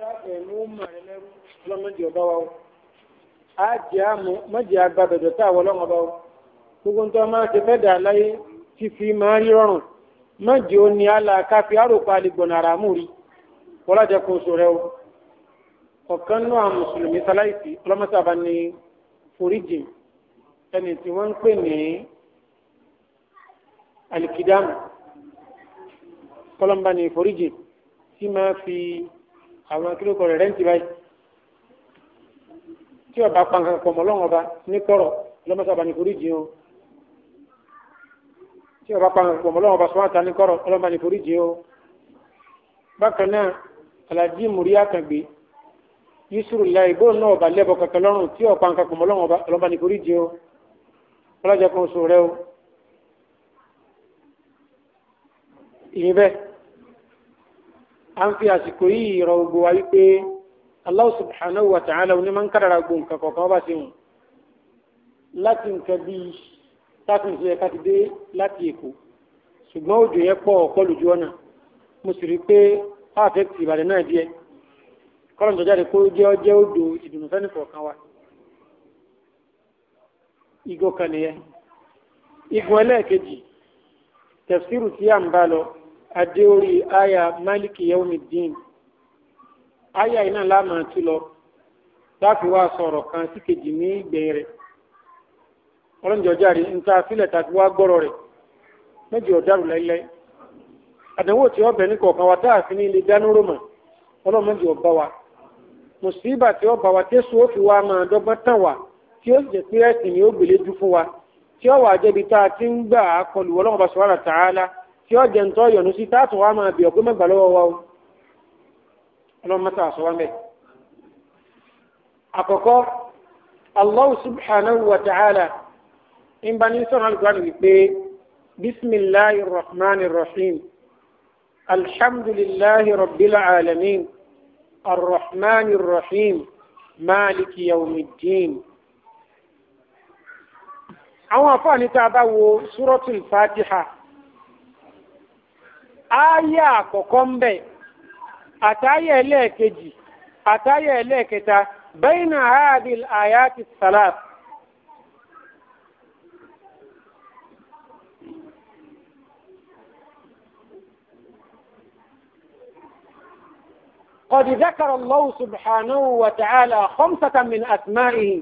káàkiri mú màrẹ lẹ́rú ọlọ́mọdé ọba wa o á jẹ́ àmú mọ́jẹ́ agbábẹ̀dọ̀ tá àwọn ọlọ́mọ ọba o gbogbo nítorí máa ṣe fẹ́ dà láyé fífi máa rí rọrùn mọ́jẹ́ ó ní àlà káfí àròpá àlegbọ̀nà àràmù rí kọ́lájà kò sọ rẹ o ọ̀kan náà mùsùlùmí sáláìsì ọlọ́mọsábà ní foríjì ẹni tí wọ́n ń pè ní alikidamu kọ́lọ́mbà ní foríjì tí máa fi àwọn kílókọ rẹ̀ rẹ́ǹtì báyìí tí ọba pa nǹkan pọ̀ mọ́ lọ́wọ́ ọba ní kọ́rọ̀ ọlọ́mọsàbà ní foríjì o tí ọba pa nǹkan pọ̀ mọ́ lọ́wọ́ ọba sọ́wọ́n ta ní kọ́rọ̀ ọlọ́mọba ní foríjì o bákan náà alájí múrí àkàngbé yusuf láì bóun náà ọba lẹ́bọ̀ kankan lọ́rùn tí ọba nǹkan pọ̀ mọ́ lọ́wọ́ ọba ọlọ́mọba ní foríjì o ọlọ́jà kan oṣù rẹ o ìyẹn bẹ́ẹ̀ a ń fi àsìkò yìí rọ gbogbo wa wípé Allah subhanahu wa ta'ala ní máa ń kádàrà gbogbo nǹkan kọ̀ọ̀kan bá ṣe wọn láti nǹkan bíi tákùn sí ẹ̀ka ti dé láti Èkó ṣùgbọ́n òjò yẹn pọ̀ ọ̀pọ̀ lójú ọ̀nà mo sì rí i pé pàfẹ́tì Ìbàdàn náà díẹ̀ kọ́lọ̀ tó jáde kó jẹ́ ọjẹ́ odò ìdùnnú fẹ́ni kọ̀ọ̀kan wa ìgò kan nìyẹn igun ẹlẹ́ẹ̀kejì tẹ̀síìrù tí à ń bá lọ adé orí aya maliki yawmiddin aya iná láàmà ti lọ láti wá sọ̀rọ̀ kan sí kejì ní ìgbẹ̀yìn rẹ̀ ọlọ́njọ́járe nta sílẹ̀ tàbí wá gbọ́rọ̀ rẹ̀ méjì ọ̀dàrú láíláí àdánwò tí ọbẹ̀ ní kọ̀ọ̀kan wa tá a fi ní ilé dáná rọ̀mọ̀ ọlọ́run méjì ọba wa mùsíbà tí ọba wa tẹ́sù ó fi wá máa dọ́gbọ́n tàn wá tí ó jẹ́ pé ẹ̀sìn ni ó gbèlé dú wa tí ó wà tá a ti ń gbà á kọlù ọlọ́run bá sọ̀rọ̀ ta'ala tí ó jẹ ntọ́ yọ̀nù sí táàtù wa máa bì ọ̀pẹ́ mẹ́gbà lọ́wọ́ wa o ọlọ́run mẹ́ta àṣọ wa mẹ́. àkọ́kọ́ allahu subhanahu wa ta'ala ń bá ní sọ̀rọ̀ alukura ni wípé bisimilahi rahman rahim ááyà àkọ́kọ́ ń bẹ̀ àtàyà ẹlẹ́ẹ̀kejì àtàyà ẹlẹ́ẹ̀kẹta bẹ́yìn àádìl àyà ti sàlát قد ذكر الله سبحانه وتعالى خمسة من أسمائه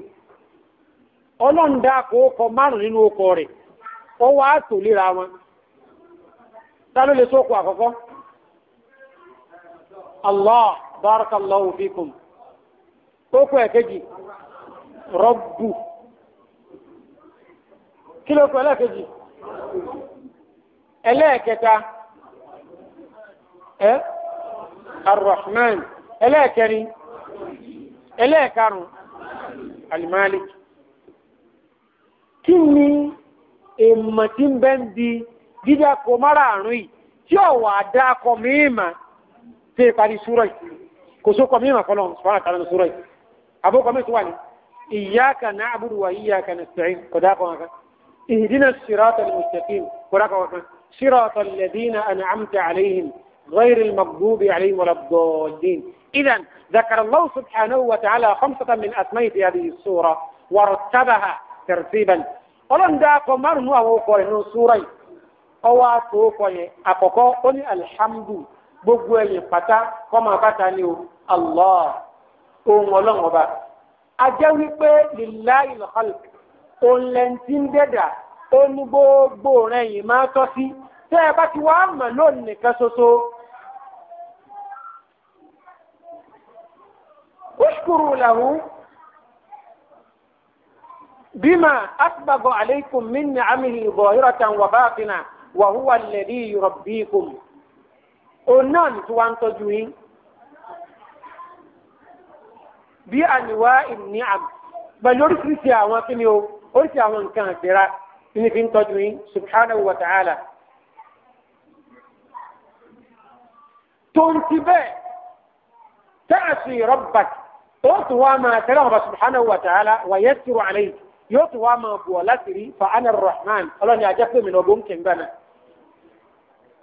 ọlọ́run dá kó kọ márùn nínú okọ̀ rẹ̀ ó wá tò léra wọn ta ló lè sóko àkọ́kọ́ allah barakallahu fikum kókó ẹ̀kejì rọ́bù kí ló kọ ẹlẹ́ẹ̀kejì ẹlẹ́ẹ̀kẹta ẹ arrahman ẹlẹ́ẹ̀kẹrin ẹlẹ́ẹ̀karùn alimalik kí ni èèmọ̀ tí ń bẹ́ ń di. dídá kò márààrún yìí tí ò wà dá akọ mímà pari ìparí súrọ̀ yìí kò sókọ mímà kọlọ̀ sọ́nà tàbí súrọ̀ yìí àbókọ mi tó wà iyyaka na'budu wa iyyaka nasta'in kò dá ko ihdina ihdinas siratal mustaqim kò dá kọ̀ọ̀kan siratal ladina an'amta alayhim غير المغضوب عليهم ولا الضالين إذا ذكر الله سبحانه وتعالى خمسة من أسماء في هذه السورة ورتبها ترتيبا ولن داكم مرنوا وقوة سورة ọwọ́ àtòkọ yẹn àkọ́kọ́ ó ní alihamdu gbogbo ẹ̀yìn pátá kọ́mọ pátá ni o allah ohun ọlọ́run ọba ajẹ́ wípé lillahi lọ́kọ́lù òǹlẹ̀ntì ń dẹ̀dà ó ní gbogbo rẹ̀ yìí máa tọ́ sí tẹ́ ẹ bá ti wá mọ̀ lónìí nìkan ṣoṣo. اشكروا له بما أسبغ عليكم من نعمه ظاهرة وباطنة wa huwa alladhi yurabbikum òun náà ní tí wọ́n á ń tọ́jú yín bí àníwá ìní àmì pẹ̀lú oríṣiríṣi àwọn kí ni o oríṣi àwọn nǹkan àgbèrà tí ní fi ń tọ́jú yín subhanahu wa ta'ala. tó ń ti bẹ́ẹ̀ ta'asi rabbak ó tún wá máa tẹ́lẹ̀ wa ta'ala wa yasiru alayhi yóò tún wá máa bù ọ láti rí fa ana rahman ọlọ́ni ajá pé mi náà ló ń kẹ́ ń gbà náà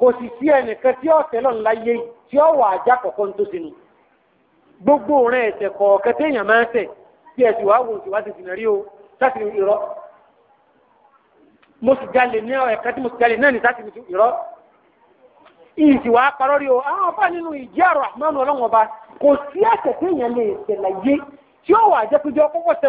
kò sì sí ẹnìkan tí ó tẹ́lọ̀ ńlá yé tí ó wà ajá kọ̀ọ̀kan tó sinú gbogbo rẹ̀ ẹ̀sẹ̀ kọ̀ọ̀kan téèyàn máa ń tẹ̀ bí ẹ̀ sì wá wò sí wá ti sìnà o láti rí irọ́ mo sì jalè ní ẹ̀ka tí mo sì jalè náà ní láti rí ìsì wàá parọ́ rí o àwọn ọba nínú ìjì àrọ̀ ọlọ́wọ́n ọba kò sí ẹ̀sẹ̀ tí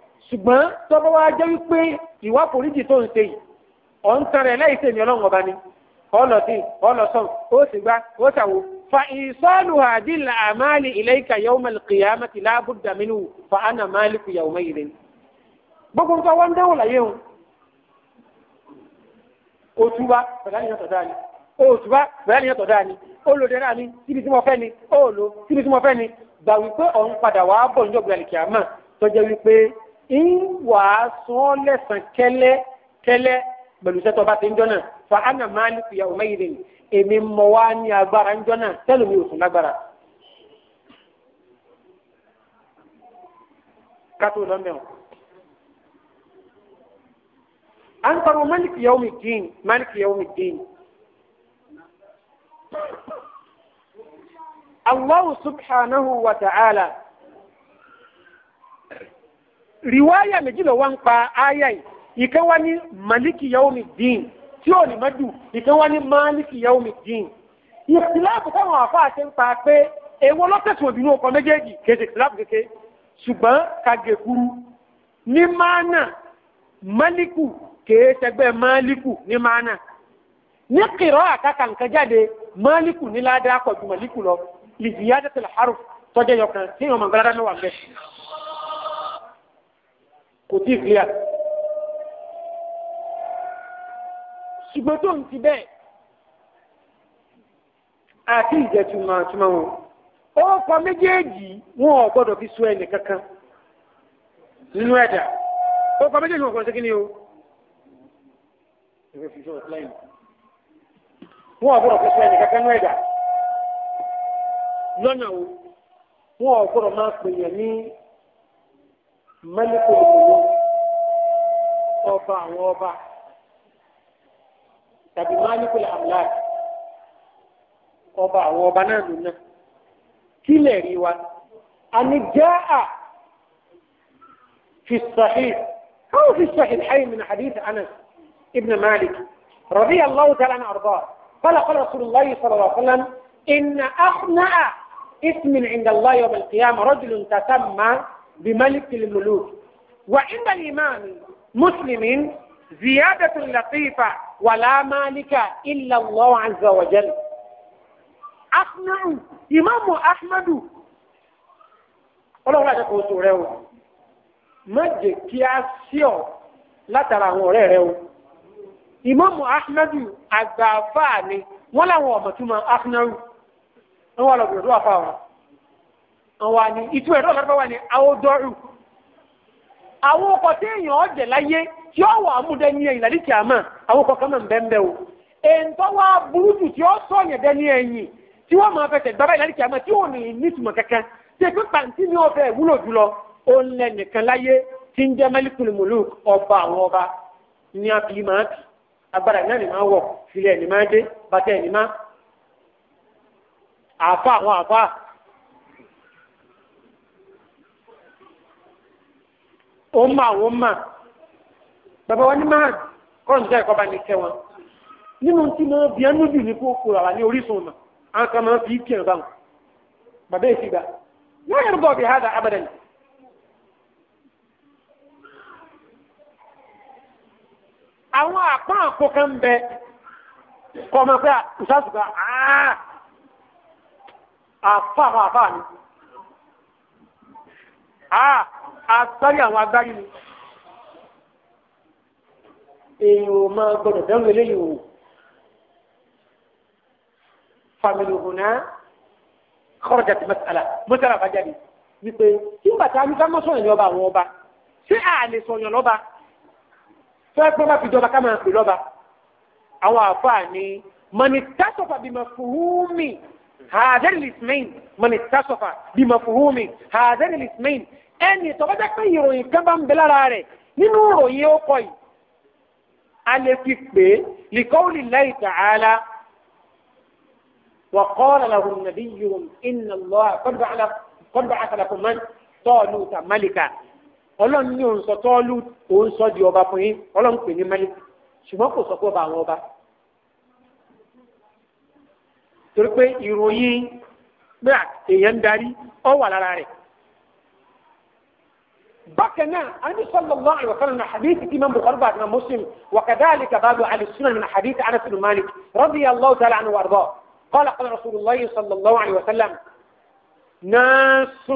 ṣùgbọ́n tọ́bọ́ wa jẹ́ wípé ìwà foríjì tó ń ṣe yìí ọ̀ ń tan rẹ̀ láì sèmi ọlọ́run ọba ni ọlọ sí ọlọ sọ̀n ó sì gbá ó ṣàwò. fa ìsọ́nù hadil àmàlì ilayka yawm al-qiyamati la budda minhu fa ana maliku yawmaydin. gbogbo nǹkan wọn ń dẹ́wọ̀ láyé o. òtúbà bẹ̀rẹ̀ àníyàn tọ̀ dáa ni òtúbà bẹ̀rẹ̀ àníyàn tọ̀ dáa ni olùdẹ́rẹ́ àní síbi tí mo fẹ́ ni òòlù síbi tí mo fẹ́ ni gbà wípé ọ̀ ń wà á sán lẹ́sàn kẹ́lẹ́ kẹ́lẹ́ pẹ̀lú sẹ́tọ̀ bá ti ń jọ́nà fa ana máàlìkù yà ọmọ ìrìn èmi mọ̀ wá ní agbára ń tẹ́lẹ̀ mi ò lágbára. kátó Allah subhanahu wa ta'ala riwaya méjì ló wá ń pa aya yìí ìkan wá ní maliki yaomi dín tí ò ní mọ́jú ìkan wá ní maliki yaomi dín ìsìláàbù táwọn àfa àṣẹ ń pa pé èwo ló tẹ̀sùn òbí ní ọkọ̀ méjèèjì kéde ìsìláàbù kéke ṣùgbọ́n kagekuru ní mana maliku kéésẹgbẹ́ maliku ní mana ní kìrọ́ àkàkà nǹkan jáde maliku ní ládàá kọjú maliku lọ lìdíyàdẹ́tẹ̀lẹ̀ haruf tọ́jẹ́ yọkan tí ìwọ̀n mọ̀gbẹ́ládá mẹ́wàá bẹ́ẹ̀ kò tí ì clear. ṣùgbọ́n tó ń ti bẹ́ẹ̀ àti ìjẹ̀tùmọ̀ àtúmọ̀ wọn orúkọ méjèèjì wọn ò gbọ́dọ̀ fi so ẹnì kankan nínú ẹ̀dá orúkọ méjèèjì wọn kò ṣe kí ni o wọn ò gbọ́dọ̀ fi so ẹnì kankan nínú ẹ̀dá lọ́nà o wọn ò gbọ́dọ̀ máa pè yẹn ní. ملك الملوك أوبا àwọn تبي مالك الأملاك أوبا ọba نانونا ọba náà أن جاء في الصحيح أو في الصحيحين من حديث أنس ابن مالك رضي الله تعالى عنه أرضاه قال قال رسول الله صلى الله عليه وسلم إن أخنأ اسم عند الله يوم القيامة رجل تسمى بملك الملوك وعند الإمام مسلم زيادة لطيفة ولا مالك إلا الله عز وجل أقنع إمام أحمد ọlọ́run láti kó oṣù rẹ o má jẹ́ kí a sí ọ látara àwọn ọ̀rẹ́ rẹ o ìmáàmù ahmadu àgbààfáà ni wọ́n láwọn ọ̀mọ̀túnmọ̀ ahmadu wọ́n wà lọ́gbọ̀dọ̀ àfáà wọn. àwọn àní ìtumọ̀ ẹ̀rọ ọ̀lọ́dọ́ wà ní àwòdọ́rù àwọn ọkọ̀ tí èèyàn ọ̀jẹ̀ láyé tí ó wà mú ẹ̀yìn tí a mọ̀ àwọn ọkọ̀ kan bẹ́ẹ̀ o wa burú jù tí ó sọ yẹn ẹ̀yìn tí wọ́n máa fẹsẹ̀ gbábẹ́ lálẹ́ tí a mọ̀ tí ò ní nítumọ̀ kankan tí èpè pàǹtí ní ọbẹ̀ wúlò jùlọ ó ń lẹ tí ó mà ó mà Baba wa ní máa kọ́ọ̀nù jẹ́ ẹ̀kọ́ bá ní tẹ́ nínú tí mo bí ẹnu jù ní kókó rà ní orísun ọ̀nà àwọn kan fi kí ẹ̀rọ báwọn bàbá èsì gbà wọ́n yẹn bọ̀ bí hádà abadan àwọn àpọ́n àpò kan ń bẹ kọ́ agbárí àwọn agbárí ni èèyàn ò máa gbọdọ̀ dánwò eléyìí o family hùnà kọ́rọ̀jà ti mẹ́sàlá mọ́sàlá bá jáde wípé tí bàtà ní ká mọ́sọ̀ yẹn lọ́ba àwọn ọba ṣé à lè sọ lọ́ba fẹ́ pé bá fi jọba ká máa pè lọ́ba àwọn àfáà ni mọ̀nì bímọ fùhùmí. هذين الاسمين من اتصف بمفهوم هذين الاسمين ẹni tó bá jẹ́ pé ìròyìn kan bá ń bẹ lára rẹ̀ nínú ìròyìn ó kọ́ yìí a lè fi pè é lìkọ́wùlì láì tààlà wà kọ́ra làwọn nàbí yòòm iná lọ kọ́dọ̀ àkàlàkùn mọ́ tọ́ọ̀lù ta málìkà ọlọ́run ní òun sọ tọ́ọ̀lù òun sọ di ọba fún yín ọlọ́run pè ní málìkà ṣùgbọ́n kò sọ pé ọba àwọn ọba. torí pé ìròyìn pé èèyàn ń darí ọ wà lára بكنا أن صلى الله عليه وسلم من حديث الإمام بخاري بعد مسلم وكذلك بعض أهل السنة من حديث أنس بن مالك رضي الله تعالى عنه وأرضاه قال قال رسول الله صلى الله عليه وسلم ناس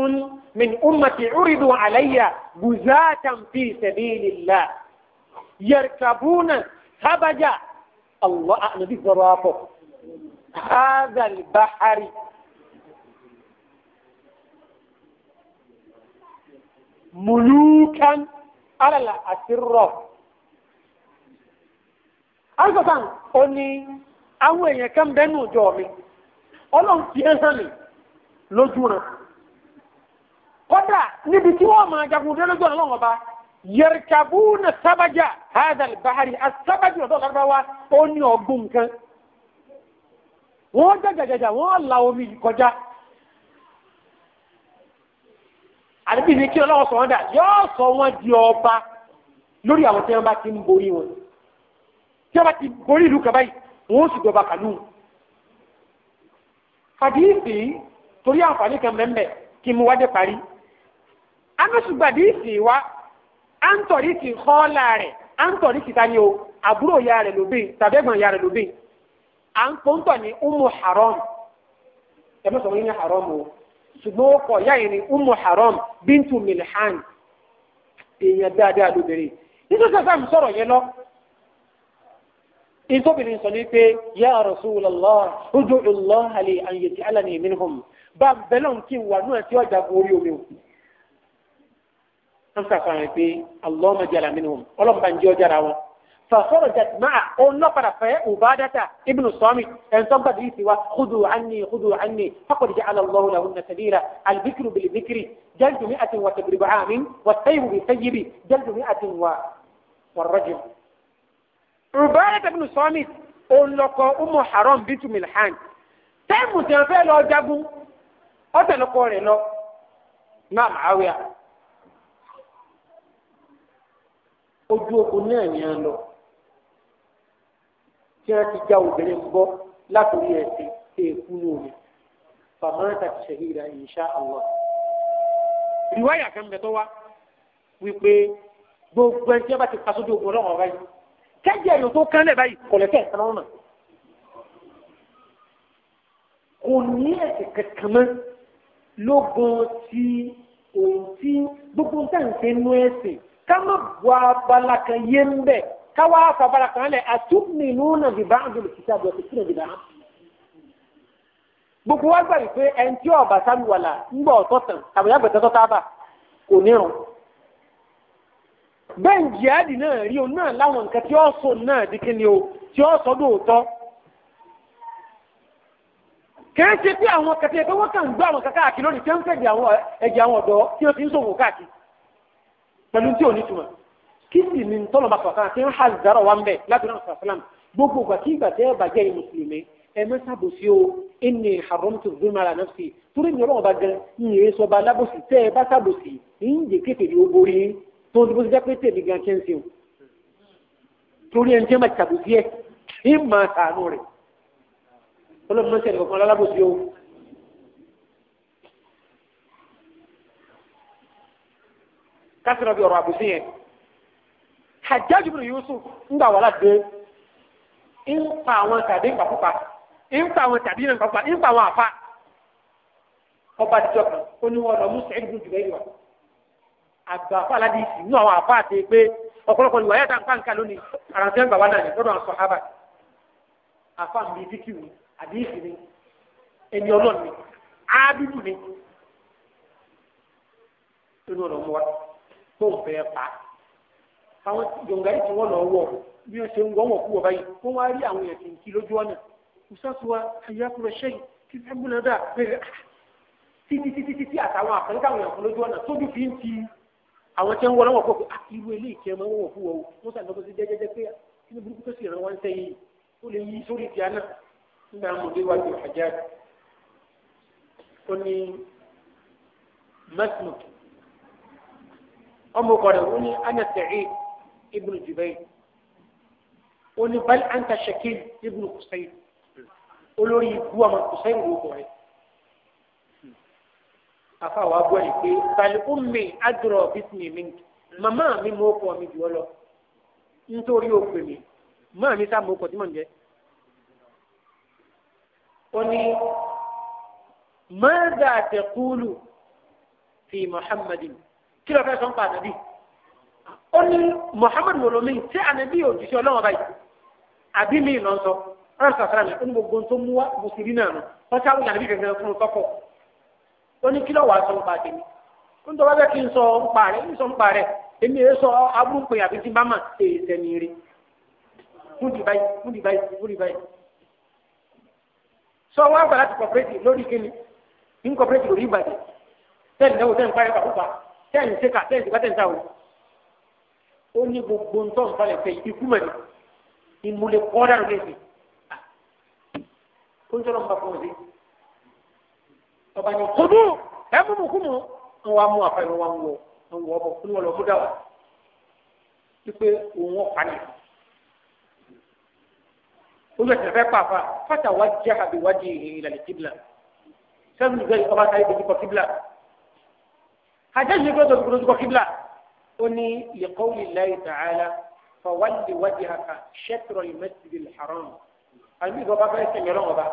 من أمتي عرضوا علي غزاة في سبيل الله يركبون هبجا الله أعلم بالضرافة هذا البحر ملوكا على asirọ أنت ó أني àwọn èèyàn kan bẹ ní ọjọ́ mi Ọlọ́run fi ẹ hàn mí lójú rẹ kódà níbi tí wọn máa jagun dé lójú Ọlọ́run ọba yẹrìkàbù na sábàjà hazal bahari asábàjì ọdọ ọgá wa ó ní ọgbọ́n kan wọ́n jàjàjàjà wọ́n la omi kọjá àdébí ni kí ọlọ́wọ́ sọ wọ́n dà yóò sọ wọ́n di ọba lórí àwọn tí wọ́n bá ti ń borí wọn tí wọ́n bá ti borí ìlú kaba yìí wọ́n sì dọba kàlú. fàdíìsì torí àǹfààní kan mẹ́mẹ́ kí mu wájú parí amẹ́sùgbàdíìsì wa à ń tọ̀rí ti kọ́ọ́lá rẹ̀ à ń tọ̀rí ti ta ni o àbúrò ya rẹ̀ lóbìn tàbẹ́gbọ̀n ya rẹ̀ lóbìn à ń pọ́ńtọ̀ ní umu haram ẹ má sọ wọ́n ní haram o ṣùgbọ́n ó kọ̀ yáyìn ní umu haram bíntu milhan èèyàn dáadáa lóbìnrin nítorí sọ́sà mi sọ̀rọ̀ yẹn lọ ìtòbìnrin sọ ní pé ya Rasulullah ojú ìlọ́ àlè àyètí alani minhum bá bẹ́lọ̀n kí n wà náà tí ọjà orí omi o. wọ́n sàfihàn pé Allahumma jala minhum فخرجت معه نفر في عبادة ابن الصامت أن تنقض لي سوى خذوا عني خذوا عني فقد جعل الله لهن سبيلا البكر بالبكر جلد مئة وتبرب عام والثيب بالثيب جلد مئة و... والرجل عبادة ابن الصامت قلنا أم حرام بنت ملحان تم تنفع لو جابوا لقوا لو ما معاوية ojú ogun náà ni a lọ tí wọ́n ti já obìnrin gbọ́ látòrí ẹ̀sìn èèkú ní omi fàmáńtà ti ṣèhìrà insha Allah. rìwáyà kan bẹ̀ tó wá wípé gbogbo ẹni tí wọ́n bá ti pasójú ogun ọlọ́run ọ̀rá yìí kẹ́jẹ́ ẹ̀yọ́ tó kán lẹ̀ báyìí kọ̀lẹ́kẹ́ ẹ̀sán lọ́nà kò ní ẹ̀sìn kankan mọ́ lógun ti òun tí gbogbo nǹkan ṣe nú ẹ̀sìn ká má bu abala kan yé ń bẹ́ẹ̀ káwá fàbàrà kan lẹ̀ àtúmìnúnà bìbá àdúrà kìtà àdúrà kìtà bìbá. gbogbo wa gbà wípé ẹni tí ọba sálùwàlà ń gbọ́ ọ̀tọ̀ tán àbẹ̀yà gbẹ̀tẹ̀ tó tábà kò nírun. bẹ́ẹ̀ ń jihadi náà rí o náà láwọn nǹkan tí ó sọ náà di kíni o tí ó sọ lóòótọ́. kìí ṣe pé àwọn kẹtẹ pé wọ́n kàn ń àwọn kankan àkìlónì tí ó ń fẹ́ ẹ̀jẹ̀ àwọn ọ̀dọ́ tí ó ti ń ṣòwò káàkiri pẹ̀lú tí ò ní túmọ̀ kìsì ni tọ́lọ̀mà kọ̀ọ̀kan tí ń ha zara wa ń bẹ̀ lábẹ́ náà sàlám gbogbo ìgbà tí ìgbà tẹ́ ẹ bàjẹ́ yìí mùsùlùmí ẹ má sàbòsí o ẹnì haramtu zulma ala nafsi torí mi ọlọ́wọ́ bá gan ń yẹ sọba alábòsí tẹ́ ẹ bá sàbòsí ń jẹ kékeré ní ogbórí tó ń dibósí jápé tèmi gan kí n sèw torí ẹni tẹ́ ma sàbòsí ẹ ń ma sànù rẹ̀ ọlọ́mọ sẹ́ni kankan alábòsí o. kásìrò bí ọ̀rọ̀ àbòsí yẹn. Hajjaj ibn Yusuf ń gbà wà láti ń pa àwọn tàbí ìpàkúpa ń pa àwọn tàbí ìpàkúpa ń pa àwọn àfa ọba àtijọ́ kan ó ní wọn lọ mú sẹ́yìn dùn jùlọ ìwà àgbà àfa aládé ìsì nínú àwọn àfa àti pé ọ̀pọ̀lọpọ̀ ìwà yàtà nǹkan nǹkan lónìí àràǹtí ń gbà wá dàní lọ́dọ̀ àwọn sọ̀hábà àfa mi fíkì mi àbí ìsì mi ẹni ọlọ́ọ̀ni mi ábíbù mi nínú ọ̀nà wa tó ń fẹ́ pa àwọn jọ̀ǹgàrí tí wọ́n lọ wọ̀ bí wọ́n ṣe ń wọ́wọ̀ kú wọ̀ báyìí wọ́n wá rí àwọn èèyàn kìkì lójú ọ̀nà ìsọ́sùwà ìyàkùrọ̀ ṣẹ́yìn kí fẹ́ múná dà bẹ̀rẹ̀ ah, títí títí títí àtàwọn àpẹẹrẹ àwọn èèyàn lójú ọ̀nà tójú fi ń ti àwọn tí ń wọ́n lọ́wọ́ kó ah, irú ilé ìkẹ́ máa ń wọ̀ fún wọn wọ́n sàn lọ́kọ́ sẹ́yìn ibnu jubair ó ní bal anta shakil ibnu kusayin olórí ibú ọmọ kusayin wo bọ̀ rẹ̀ afa wa bọ̀ yìí pé bali ummi adúrọ̀ bísí mi màmá mi mọ̀ ọkọ mi jù ọ lọ nítorí o pè mí màmá mi sá mọ̀ ọkọ tí mò ń jẹ ó ní mọ́dà tẹ̀kúlù fi muhammadin kí ló fẹ́ sọ́n pa ó ní muhammad molomi tí ànábì òjijì ọlọ́wọ́n báyìí àbí mi ìlọ sọ ọ̀rọ̀ sàkàrà mi ó ní gbogbo tó mú wá bùsùlì náà nù wọ́n ti àwọn ànábì kankan fún un tọ́kọ̀ ó ní kílọ̀ wàá sọ ń pa tèmi ó ń tọ́ wáyé kí n sọ ń pa rẹ̀ ń sọ ń pa rẹ̀ èmi èé sọ abúlùpẹ̀ àbí ti bámà èè tẹ̀mí rí fún di báyìí fún di báyìí fún sọ wọn àgbà láti kọ̀pẹ́tì ó ní gbogbo ń tọ́ nǹkan lè fẹ́ ikú mẹ́ni ìmúlẹ̀ kọ́dà ló lè ah. fi ó ń tọ́lọ́ nípa fún ọ̀sẹ̀ ọba ní kódú ẹ mú mu kú mu ń wá mú àfẹ́ wọn wá ń wọ ń wọ ọmọ fún wọn lọ fún dáwà wípé òun ọ̀pá ni ó yẹ kí n fẹ́ pàápàá fata wá jẹ́ àbí wá di ìlànà kíbla sẹ́yìn ìgbẹ́ ọba táyé dojú kọ kíbla àjẹ́ ìgbẹ́ dojú kọ kíbla. أني لقول الله تعالى فول وجهك شطر المسجد الحرام àbí ìgbọ́ba fẹ́ sẹ̀mí ọlọ́wọ́ bá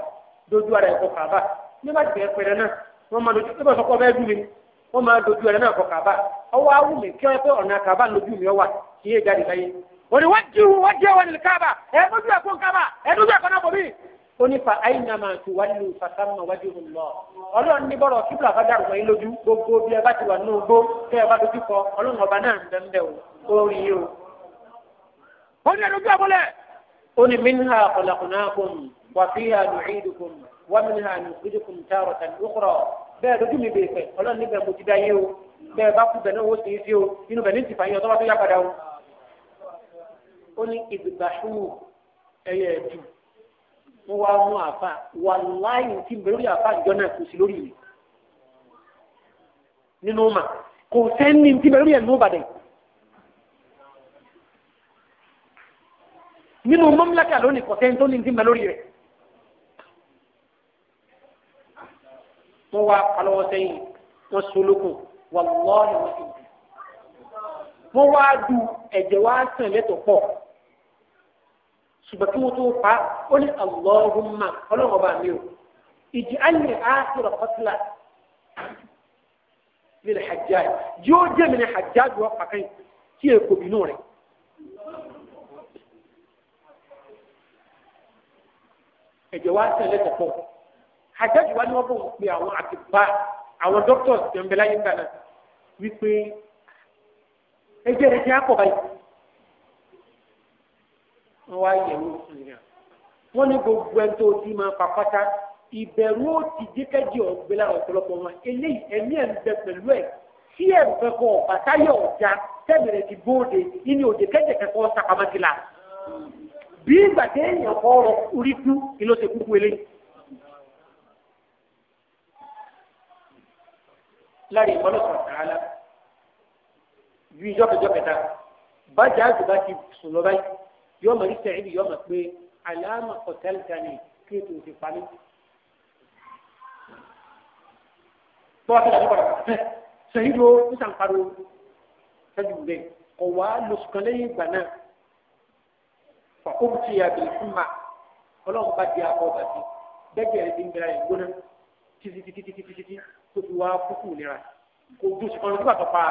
dojú ara ẹ̀kọ́ kàbá nígbà tí ẹ pẹ̀rẹ̀ náà wọ́n máa dojú ẹ̀bọ̀ sọ́kọ́ bẹ́ẹ̀ dùn mí wọ́n máa dojú ẹ̀rẹ̀ náà kọ́ kàbá ọwọ́ awú mi kí wọ́n pẹ́ ọ̀nà kàbá lójú mi ọwà kí yé jáde láyé. òní wọ́n jí wọ́n jẹ́ wọn ní kàbá ẹ̀ dojú ẹ̀kọ́ kàbá ẹ̀ dojú ó ní fa àyìnà máa ti wá nílùú fàtàmà wájú lọ ọlọ́run ní bọ́rọ̀ kíbla bá dàrú wọ́n yín lójú gbogbo bí ẹ bá ti wà ní ogbó tẹ́ ẹ bá dojú kọ ọlọ́run ọba náà ń bẹ́ ń bẹ́ o o. ó ní ẹnu gbé abọ́lẹ̀. ó minha khalaqnakum wa fiha nu'idukum wa minha nukhrijukum taratan ukhra bẹ́ẹ̀ lójú mi bèè fẹ́ ọlọ́run níbẹ̀ mo ti dá yé o bẹ́ẹ̀ bá kú bẹ̀ náà ó sì o inú bẹ̀ ní ti fàyè ọ̀tọ́ bá tó yá padà o. ó ní ìgbà wọ́n wá mú àfa wàláhì tí bẹ̀rẹ̀ lórí àfa ìjọ náà kò sí lórí mi nínú mà kò sẹ́ni tí bẹ̀rẹ̀ lórí ẹ̀ ní Ìbàdàn nínú mọ́mílákà lónìí kò sẹ́ni tó ní tí bẹ̀rẹ̀ lórí rẹ̀ wọ́n wá palọ́wọ́ sẹ́yìn wọ́n solókun wàláhì wọ́n ti dù wá du ẹ̀jẹ̀ wá sàn lẹ́tọ̀ pọ̀ ṣùgbọ́n kí wọ́n tó pa ó ní Allahumma ọlọ́run ọba mi o ìjì alẹ́ àkìrọ̀ kọ́tìlá ní Hajjaj yóò jẹ́ mi ní Hajjaj wọ́n pàkàn yìí tí èkó bínú rẹ̀. ẹ̀jẹ̀ wa sẹ̀ lẹ́sẹ̀ pọ̀ Hajjaj wa ni wọ́n bọ̀ pé àwọn àtìpá àwọn dókítà tẹ̀m̀bẹ̀láyé kan náà wípé ẹ̀jẹ̀ rẹ̀ ti á pọ̀ báyìí ń wá yẹ̀wò ìyàn wọ́n ní gbogbo ẹni tó ti máa pa pátá ìbẹ̀rù ó ti dékẹ́jì ọ̀gbẹ́lá ọ̀pọ̀lọpọ̀ wọn eléyìí ẹ̀mí ẹ̀ ń bẹ pẹ̀lú ẹ̀ tí ẹ̀ ń fẹ́ kọ́ ọ̀bàtá yọ̀ ọ̀já tẹ̀bẹ̀rẹ̀ ti bóde inú òde kẹ́jẹ̀ kẹ́kọ́ sàpamọ́tìlá bí ìgbà tí èèyàn kọ́ ọ̀rọ̀ orí kú kí ló ṣe kúkú eléyìí. láàrin ìfọlọ́sọ̀rọ̀ tààlà ju ìjọ́kẹjọ́ bájà àgbà ti sùn lọ báyìí yóò mọ̀ ní sẹ́yìn yóò mọ̀ pé àlàámà hòtẹ́lì kan ní kí ètò ti pa mí. bọ́wọ́ tó dàbí padà sẹ́yìn ló ń sàn pariwo sẹ́yìn bẹ́ẹ̀ kò wá lóṣù kan lẹ́yìn ìgbà náà fàkóhùn ti yàgbé fún ma ọlọ́run bá di akọ bàtí bẹ́ẹ̀ jẹ́ ẹni bẹ́ẹ̀ yẹn gbóná títí títí títí títí tó fi wá kúkú nira kò dùn sí ọ̀nà tó bàtọ̀ pa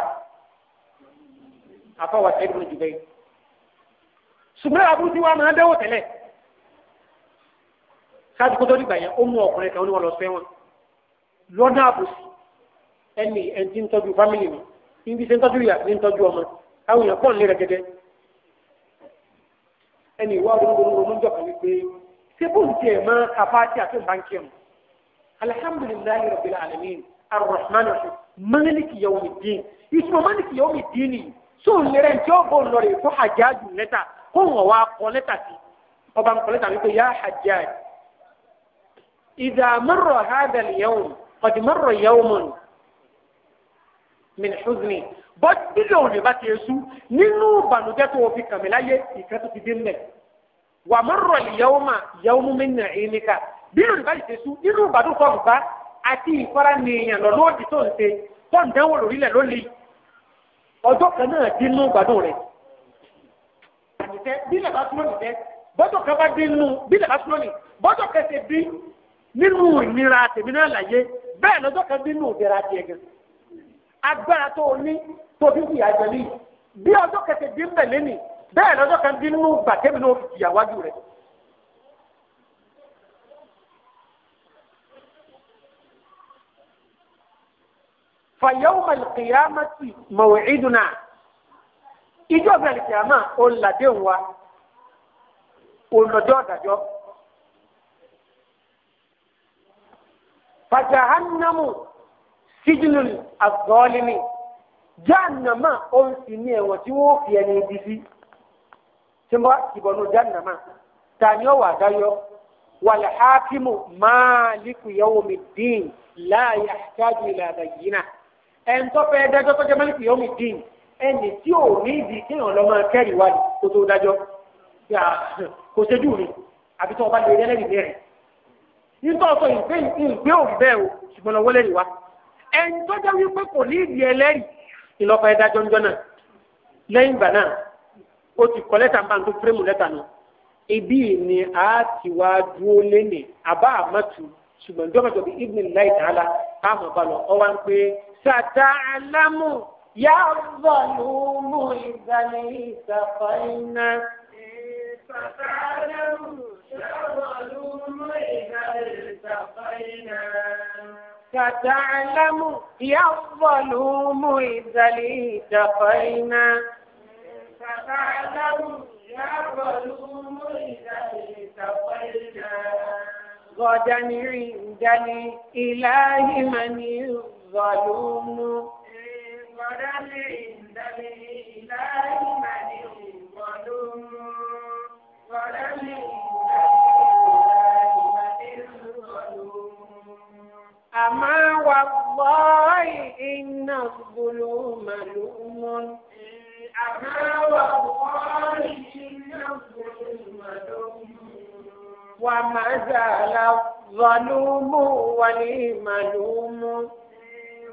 àfọwọ́sẹ́ ìdúró jù bẹ́ẹ̀ ṣùgbọ́n àbúrú tí wàá máa dẹ́wọ̀ tẹ́lẹ̀ ṣáàjú kó tó dìgbà yẹn ó mú ọkùnrin kan oníwọ̀n lọ sẹ́ wọn lọ́nà àbòsí ẹni ẹni tí ń tọ́jú fámìlì mi níbi tí ń tọ́jú ìyá ní ń tọ́jú ọmọ àwọn èèyàn pọ̀ ní rẹ̀gẹ́dẹ́ ẹni ìwà olóńgbòlóńgbò ló ń jọ̀kan kó wọn wá kọ lẹ́tà sí ọba ń kọ lẹ́tà wípé yá hajjaj ìdá mọ́rọ̀ hádàl yẹ́wùn ọ̀dì mọ́rọ̀ yẹ́wùn min huzni bọ́t bílẹ̀ òní bá ti esu nínú ìbànújẹ́ tó fi kàmí láyé ìkẹ́ tó ti dé mẹ́ wà mọ́rọ̀ yẹ́wùmá yẹ́wùmú mi nà é níka bílẹ̀ òní bá ti esu nínú ìbàdàn tó bá àti ìfara nìyẹn lọ́lọ́ọ̀dì tó ń ṣe tó ń dánwò lórílẹ̀ lónìí ọjọ́ kan náà dín nú ìgbàdùn rẹ̀ nìtẹ́ bí làbá súnmọ́ nìtẹ́ bọ́tọ̀ kan bá dé nù bí làbá súnmọ́ nì bọ́tọ̀ kẹsẹ̀ bí nínú ìnira tèmi náà láyé bẹ́ẹ̀ lọ́jọ́ kan bí nù ìdẹ̀ra tiẹ̀ gan agbára tó o ní tó fi fìyà jẹ ní bí ọjọ́ kẹsẹ̀ bí bẹ̀ lẹ́nì bẹ́ẹ̀ lọ́jọ́ kan bí nù gbàtẹ́mi náà fi fìyà wájú rẹ̀. فيوم القيامة موعدنا ìjọ bẹ̀rẹ̀ kìámà olùlàdé wa olùdọ́jọ́ ọ̀dàjọ́. fàjàhánámù síjìnnù àgọ́ọ́límì jáànàmà òun sì ní ẹ̀wọ̀n tí wọ́n fi ẹni ibi sí tí wọ́n ti bọ̀nú jáànàmà tani ọ̀wà àdáyọ́ wàlẹ̀ hákímù máàlíkù yawmi dín láàyè àṣáájú ìlànà yìí náà ẹ̀ ń tọ́pẹ́ ẹ̀dẹ́gbẹ́ tó jẹ́ máàlíkù yawmi dín ẹnì tí ò ní ìdí kéèyàn lọ máa kẹ́rì wá kó tó dájọ́ kò ṣojú mi àbí tó o bá lè rí ẹlẹ́rìí mẹ́rin nítorí ọ̀sọ̀ ìgbé ìgbé òun bẹ́ẹ̀ o ṣùgbọ́n lọ wọlé rí wa ẹni tó jẹ́ wípé kò ní ìdí ẹlẹ́rìí ìlọ́pàá ẹ̀dá jọ́njọ́ náà lẹ́yìn ìgbà náà ó ti kọ́ lẹ́tà máa ń tó fúrémù lẹ́tà náà ibi ni a ti wá dúró léni àbá àmọ́tù ṣùgbọ́n jọ́mọ̀jọ́ bí ibùdó láì tààlà táwọn يا الظلوم إذا ليس قينا فتعلم يا الظلوم إذا التقينا فتعلم يا الظلوم إذا التقينا غدا عند إلهي من الظلوم الضلال عند الإله من الظلم ضلال والله إن الظلوم لؤم وما زال الظلوم ولي ملوم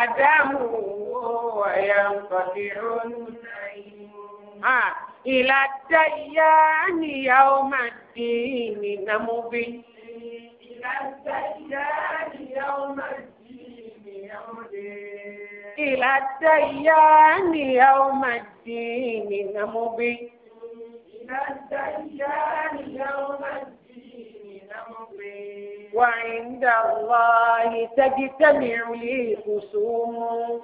àdámù ọ̀yà ń pàdé ọ̀nù náà. إلى الديان يوم الدين نمضي إلى الديان يوم الدين نمضي إلى الديان يوم الدين نمضي إلى الديان يوم الدين وعند الله تجتمع الخصوم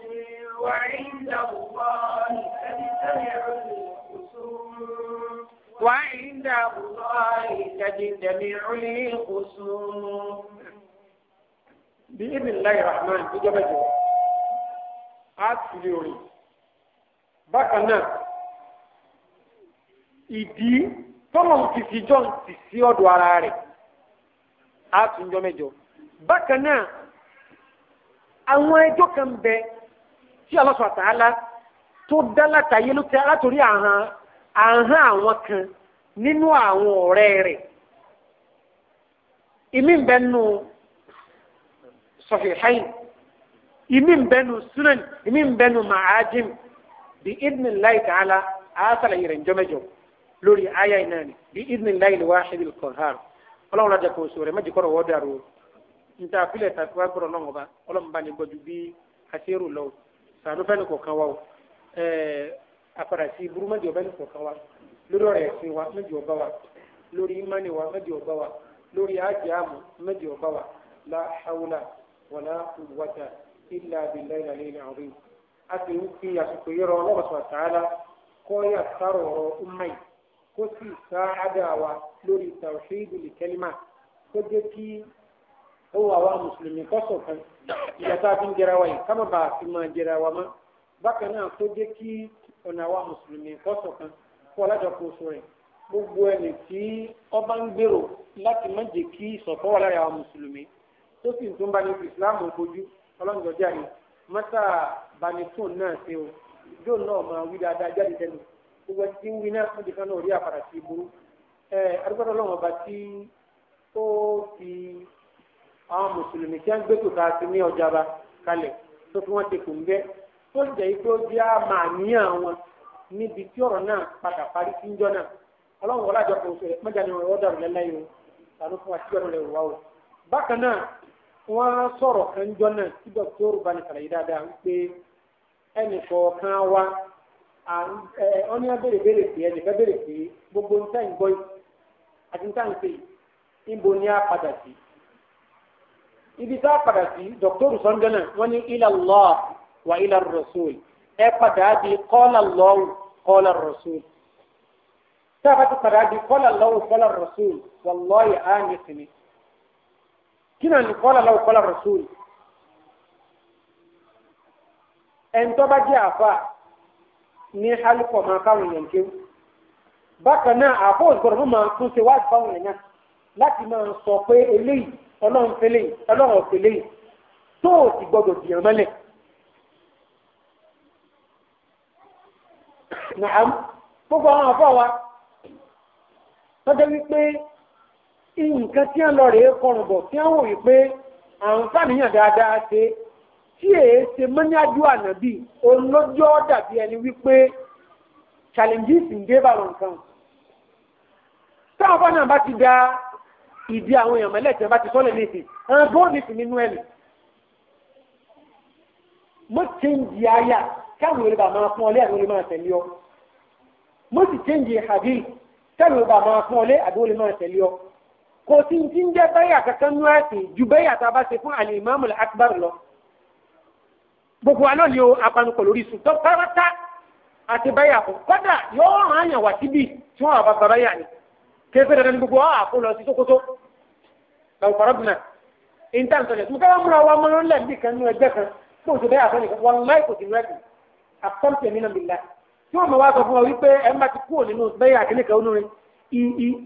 وعند الله تجتمع الخصوم وعند الله تجتمع الخصوم بإذن الله الرحمن إجابة جواب àtìlérè bákan náà ìdí tọ́lọ̀ ti fi jọ́ àtúnjọ mẹ́jọ bákan náà àwọn ẹjọ́ kan bẹ tí Allah subhanahu wa ta'ala tó dá látàyé ló ti látòrí àhán àhán àwọn kan nínú àwọn ọ̀rẹ́ rẹ̀ ìmí ń bẹ nù Sahihayn ìmí ń bẹ nù Sunan ìmí ń bẹ nù Ma'ajim bi idhnillahi ta'ala àásàlàyé rẹ̀ ń jọ mẹ́jọ lórí àyà ìnáni bi idhnillahi al-wahid al-qahhar. ọlọ́run lajà kò sọ̀rọ̀ méjì kọ́rọ̀ wọ́ọ́ dàrú níta àpilẹ̀ tàbí wá gbọ́dọ̀ náà ọba ọlọ́run bá ní gbọ́jú bí aṣèrò lọ sàánú fẹ́ni kọ̀ọ̀kan wa o àpàdà sí burú méjì ọba ní kọ̀ọ̀kan wa lórí ọ̀rọ̀ wa méjì ọba wa lórí ìmánì wa méjì ọba wa wa la wala illa a fi wa lori tàwíṣíìdì lìkẹ́límà kó jẹ́ kí ó wà wá mùsùlùmí kọ́sọ̀ kan ìyàtọ̀ àfi ń jẹra wa yìí kámọ́ bá a fi máa jẹra wa mọ́ bákan náà kó gbogbo ọba ń gbèrò láti má jẹ́ kí ìṣọ̀kọ́ wà lára àwọn mùsùlùmí tó sì o arúgbọ́dọ̀ lọ́wọ́ ọba tí ó fi àwọn mùsùlùmí tí wọ́n ń gbẹ́tò sí ní ọjà bá kalẹ̀ tó fi wọ́n ti kù ń tó jẹ́ pé ó jẹ́ àmà ní àwọn níbi tí ọ̀rọ̀ náà padà parí sí náà ọlọ́run wọlé àjọ kan ni wọ́n dàrú o tàbí fún rẹ̀ ní àti níta ń pè níbo ni a padà sí ibi tá a padà sí dr sọndọnà wọn ní ila Allah wa ila rasul ẹ padà di qala Allah qala rasul tá a bá ti padà di qala Allah qala rasul wallahi á ní sinmi kí náà ní qala Allah qala rasul ẹ̀ńtọ́ bá jẹ́ àfa ní hálùkọ̀ máa káwọn yẹn kéwù bákan náà àfọwọ́sí gbọ́dọ̀ máa tún ṣe wá ìfọwọ́n yẹn náà láti máa sọ pé eléyìí ọlọ́run fẹlẹ̀ ọlọ́run ọ̀fẹ́lẹ̀ tó o sì gbọ́dọ̀ dìyàn mọ́lẹ̀. nàám gbogbo àwọn àfọwọ́ wa tọ́jọ́ wípé nǹkan tí wọ́n lọ rèé kọrùn bọ̀ tí wọ́n wò wípé àǹfààní yàn dáadáa ṣe tí èé ṣe mọ́nyájú ànábì olójó dàbí ẹni wípé challenges ń dé bá wọn kan táwọn afọ náà bá ti da ìdí àwọn èèyàn mẹ́lẹ̀ tí wọ́n bá ti sọ́lẹ̀ léṣe àwọn bọ́ọ̀lù sì nínú ẹ̀ mo ti ń di aya káwọn olùbà máa fún ọ lé àwọn olùmọ̀ àtẹ̀lé ọ mo sì ti ń di àbí káwọn olùbà máa fún ọ lé àbí olùmọ̀ àtẹ̀lé ọ kò sí ti ń jẹ́ bẹ́yà kankan nú ẹ̀sìn ju bẹ́yà tá a bá ṣe fún al-Imam akbar lọ gbogbo àná ni o apanukọ lórí sùtọ́ pátá àti báyà kò kọ́dà yóò hàn yàn wá síbi tí wọ́n kéfé dandan gbogbo a ah, kó lọ sí Sókótó làwọn fara bìnà ìntàn sọjọ tí mo káwá múra wa mọ́nà lẹ́ẹ̀ bí kan nínú ẹgbẹ́ kan kó o ti bẹ́ẹ̀ àtọ́nìkan wọn láì kò sí nínú ẹ̀kú àtọ́ǹtì ẹ̀mí náà bìlá tí wọ́n mọ̀ wá sọ fún wa wípé ẹ̀ má ti kúrò nínú bẹ́ẹ̀ àkínníkan olórin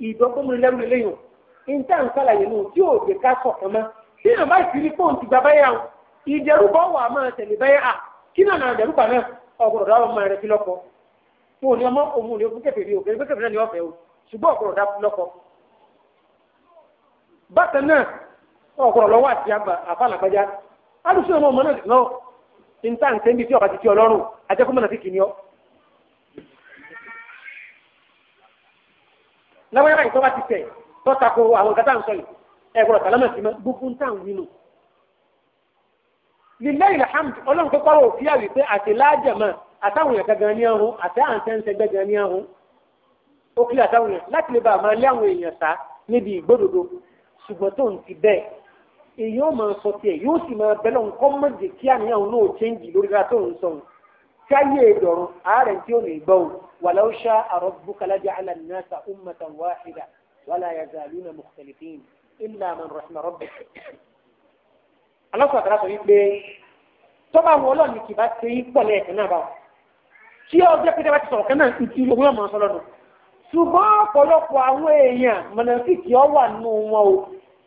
ìdọ́gbọ́mọlẹ́ lẹ́rù lélẹ́yìn ìntàn sàlàyé nù tí ò gbé ká sọ̀ kan mọ́ tí náà bá ìsìrí fóun ti gba báyà o ìdẹ̀rùbọ̀ wà máa tẹ̀lé ṣùgbọ́n ọ̀gbọ̀rọ̀ dá lọ́kọ. bákan náà ọ̀gbọ̀rọ̀ lọ́wọ́ àti àfàlàgbájá alùsù ọmọ ọmọ náà lọ níta ń tẹ́ńbí tí ọba ti ti ọlọ́run ajẹ́kọ́mọ́nà ti kìíní ọ. láwáyá báyìí tó bá ti tẹ̀ tọ́ta ko àwọn kátà ń sọ yìí ẹ̀gbọ́n sàlámà sí ma gbogbo ń tà ń wínú. lílẹ̀ ìlàhàmù ọlọ́run kọ́kọ́rọ́ òfin àwìpé àti láàjẹ̀mọ́ àtàwọn èèyàn gangan ní ọ̀hún àti àǹtẹ̀ǹtẹ̀ gangan ní ọ̀hún ó kílẹ̀ àtàwọn èèyàn láti lè bá àmọ́ ilé àwọn èèyàn sá níbi ìgbódodo ṣùgbọ́n tó ń ti bẹ́ẹ̀ èèyàn máa sọ tiẹ̀ yóò sì máa bẹ́lẹ̀ nǹkan mọ̀jẹ̀ kí àníyàn òun náà chẹ́ǹgì lórí ra tó ń sọ òun káyé ìdọ̀rùn àárẹ̀ tí ó lè gbọ́ òun walau sha'a rabbuka laja'ala an-nasa ummatan wahida wala yazaluna mukhtalifin illa man rahima rabbuk. aláṣọ àtàrà sọ wípé tọ́ba ṣùgbọ́n ọ̀pọ̀lọpọ̀ àwọn èèyàn mọ̀nàfíìkì ọ̀wà nù wọn o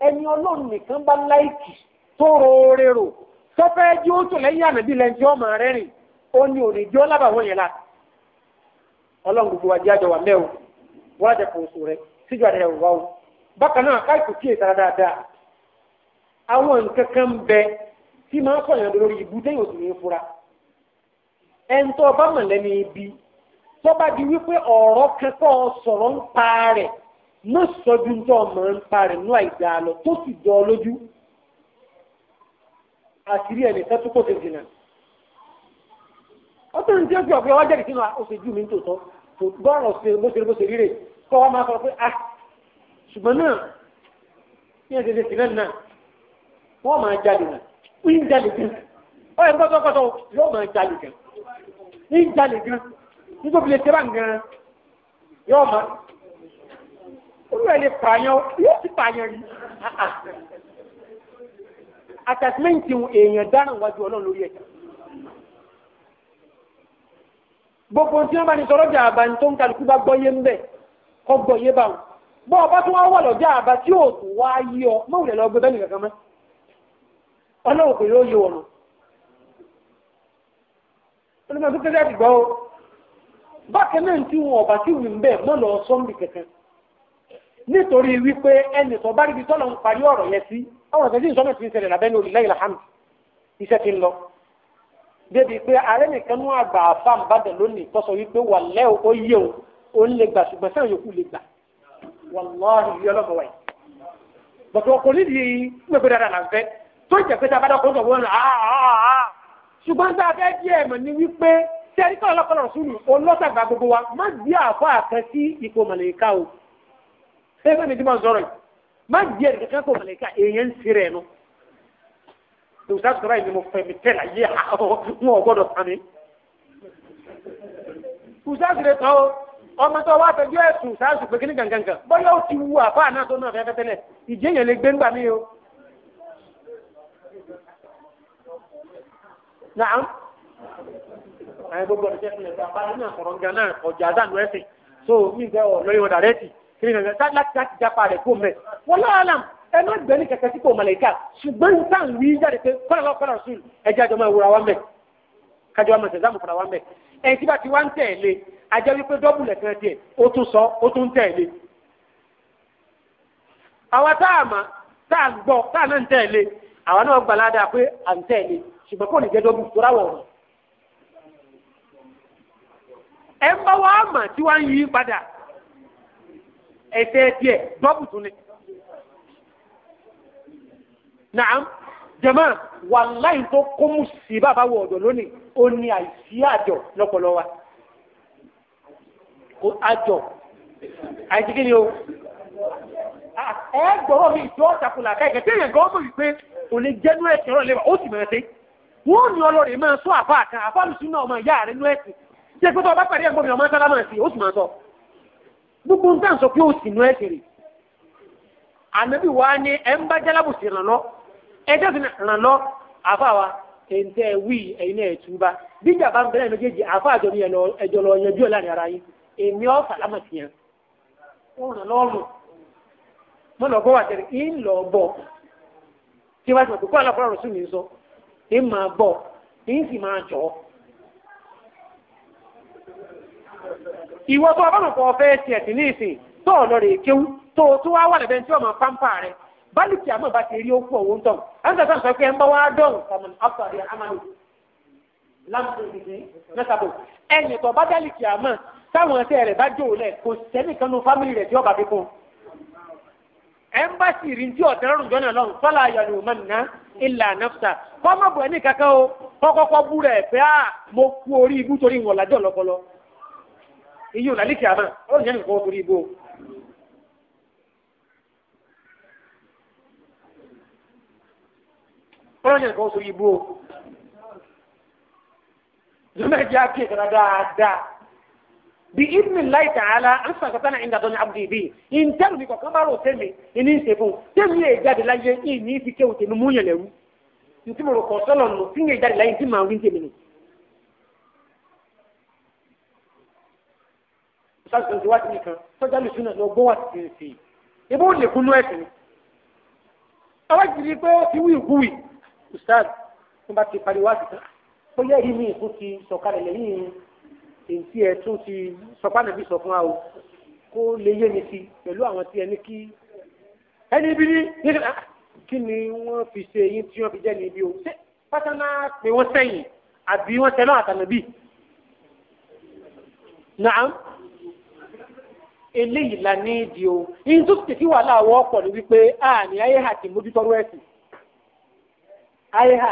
ẹni ọlọ́run nìkan bá láìkì tó roore rò sọfẹ́ jí ó lẹ́yìn ànàbí ọmọ rẹ̀ rìn ó ní òní jọ́ la ọlọ́run gbogbo wa o bákan náà káìkù tíye tara dáadáa àwọn nǹkan kan bẹ tí máa ń sọ̀yàn lórí tọ́ba di wípé ọ̀rọ̀ kẹ́kọ̀ọ́ sọ̀rọ̀ ń pa rẹ̀ mọ́ sọ́jú ń tọ́ ọmọ ń pa rẹ̀ ní àìdá lọ tó sì jọ ọ lójú àṣírí ẹ̀mí sẹ́tú kò ṣe jìnnà. ó tún ní tí ó fi ọ̀pẹ ọwọ́ jẹ́rìí sínú oṣèjú mi tòótọ́ tó gbọ́rọ̀ ṣe bó ṣe bó ṣe ríre kọ́ wa máa sọ pé ah ṣùgbọ́n náà ní ẹ̀ṣẹ̀ ṣe sílẹ̀ náà wọ́n máa jáde náà ń jáde gan ọ̀ ẹ̀ ń gbọ́dọ̀ nítorí lè ṣe bá nǹkan yóò mọ olú ẹ pààyàn yóò ti pààyàn rí àtàtìmẹ́ǹtì èèyàn wájú ọlọ́run lórí ẹ̀ gbogbo tí wọ́n bá ní àbá ní tó ń bá ń bẹ̀ kọ́ bá wọn bọ́ ọba wà lọ́jà àbá tí tún wá yí ọ lọ gbé bẹ́ẹ̀ nìkan ọlọ́run kò yóò tó bákan náà tí wọn ọba tí wì ń bẹ mọ́ lọ sọ́ńbì kankan nítorí wípé ẹnì tó bá rí ibi tọ́lọ̀ ń parí ọ̀rọ̀ yẹn sí ọ̀rọ̀ tẹ̀sí ìsọ́nà ti ń ṣẹlẹ̀ lábẹ́ lórí lẹ́yìn alhamdu iṣẹ́ ti ń lọ débi pé ààrẹ nìkan nú àgbà àfàm bàdàn lónìí tó sọ wípé wà lẹ́ ó yé o ó ń lè gbà ṣùgbọ́n sẹ́wọ̀n yòókù lè gbà wàláhì ilé wáyé bọ̀tọ̀ tẹ́rí kọ́ ọlọ́kọ́lọ́ rọ̀súlù olóṣàgbà gbogbo wa má di àfọ́ àkẹ́ sí ipò màlẹ́ká o ṣé fẹ́mi tí mo sọ̀rọ̀ yìí má di ẹ̀rí kankan kò màlẹ́ká èèyàn ń sirẹ̀ nu lùsà sọ̀rọ̀ yìí ni mo fẹ̀mí tẹ́lá yé ha wọn ò gbọ́dọ̀ sani lùsà sọ̀rọ̀ kan o ọmọ tó wá fẹjọ́ ẹ̀sùn sáàsù pé kíní gangan bọ́yá ó ti wu àfọ́ àná tó náà fẹ́fẹ́ tẹ́lẹ̀ o. Naam ẹ gbogbo ọ̀rẹ́ tẹ́sílẹ̀ fún abáyé náà kọ̀rọ̀ ń gan náà ọjà àdánù ẹ̀sìn so mí ń fẹ́ ọ̀ lọ́yìn wọn dàrẹ́tì kí ni kankan láti láti jápa rẹ̀ kó mẹ́ wọ́n lọ́wọ́ làm ẹ má gbẹ́ni kẹ̀kẹ́ tí kò mọ̀lẹ́kà ṣùgbọ́n nǹkan wí jáde pé kọ́nà lọ́wọ́ kọ́nà sùn ẹjẹ́ àjọ máa wúra wá mẹ́ kájọ wa mọ̀tẹ́ sáàmù fúnra wa mẹ́ ẹ̀ tí bá ti wá ń tẹ̀lé ajẹ́ wípé dọ́bùlẹ̀ kan tiẹ̀ ó tún sọ ó tún tẹ̀lé. àwa tá a mà tá a gbọ́ tá a náà ń tẹ̀lé àwa náà gbàládà pé à ń tẹ̀lé ṣùgbọ́n kò ní jẹ́ dọ́bù tó ráwọ̀ ọ̀rọ̀ ẹ ń bá wa mà tí wàá yí padà ẹsẹ̀ tiẹ̀ dọ́bù tún ni. Nàám jàmá wàláì tó kó mùsíbà bá wọ ọ̀dọ̀ lónìí ó ní àìsí àjọ lọ́pọ̀lọ́ wa. Kò àjọ àìsí kí ni o? Ẹ gbọ́rọ̀ mi ìjọ ọ̀tàkùnlà kẹ́kẹ́ tí èèyàn gan mọ̀ wípé kò lè jẹ́ nú ẹ̀sìn ọ̀rọ̀ lẹ́wà ó sì mọ̀ ẹ́ sí. Wọ́n ní ọlọ́rẹ̀ máa sọ àfa àkàn àfa lùsùn náà ọmọ ìyá rẹ̀ nú ẹ̀sìn. jẹ́ pé ọba pàdé ẹ̀gbọ́n mi ọmọ sálámà sí ó sì máa sọ gbogbo nǹkan sọ pé ó sì nú ẹ̀sìn rè ànábì wa ni ẹ̀ ń bá jálábù sí ràn lọ ẹjọ́ sì ràn lọ àfa wa tẹ̀ǹtẹ̀ wí ẹ̀yin náà ẹ̀túba bíjà bá ń bẹ̀rẹ̀ méjèèjì àfa àjọ mi lọ yanjú láàrin ara yín èmi ìwọ tó abánàpọ̀ ọ̀fẹ́ ti ẹ̀sìn ní ìsìn tó ọ̀nà rè tó o tó wá wà lẹ́bẹ̀ẹ́ tí ọmọ pàmpà rẹ báàlì tí a máa bá ti rí ó fún òun tán ẹnìkan tó ń sọ pé ẹ ń bá wá dọ̀rùn kàmùn àpàdé amánú lámùsùlùmí mẹ́tàbọ̀ ẹnì tó bá dálì tí a mọ̀ táwọn ẹsẹ̀ rẹ̀ bá jò lẹ̀ kò sẹ́nìkan nu fámìlì rẹ̀ tí ọba fi kún ẹmbasi rin tí ọ̀dẹ́rọ̀ rùn jọ́nà lọ́n fọ́lá ayọ̀lù mọ́n ilà nafsa kọ́ ẹni kankan o kọ́kọ́kọ́ búrẹ̀ pé a mo kú orí ibú torí ìwọ̀n lájọ́ lọ́pọlọ iye òlà líkì àmà ọlọ́run yẹn nìkan torí ibo. ọlọ́run yẹn o torí ibo. zuma jẹ́ àti ìkàrà dáadáa. bí ibùdó láì tààlà à ń sàn kàtà náà ìgbà tó ní abudu ìbí ìntẹ́rù mi kọ̀ọ̀kan bá rò tẹ́mi ìní ń sèfún tẹ́mi lè jáde láyé ìní fi kéwù tèmi mú yẹn lẹ́rú ntí mo rò kọ́ sọ́lọ̀ nù tí ń yẹ jáde láyé ntí màá wí tèmi nù. sáàsì tó ti wá sí nìkan sọ́jà lùsùn náà lọ gbọ́ wà sí sí i ebó lè kúnú ẹ̀sìn alájìrì pé ó ti wí ìkúwì ustaz tó bá ti parí wá sí tán bóyá èyí mi ìkú ti sọ̀kalẹ̀ lẹ́yìn èyí tí ẹ tún ti sọpánà bí sọ fún wa o kó lè yé mi sí pẹ̀lú àwọn tí ẹ ní kí ẹni ibi ní ah, kí ni wọ́n fi ṣe yín tí wọ́n fi jẹ́ ní o ṣé pátánà pé wọ́n sẹ́yìn àbí wọ́n tẹ́lọ́ àtàlẹ́bí. Naam eléyìí la ní ìdí o yìí tó ti fi wàhálà wọ ọ̀pọ̀ ni wípé a ní ayéhà ti mójútọ́rọ́ ẹ̀sìn ayéhà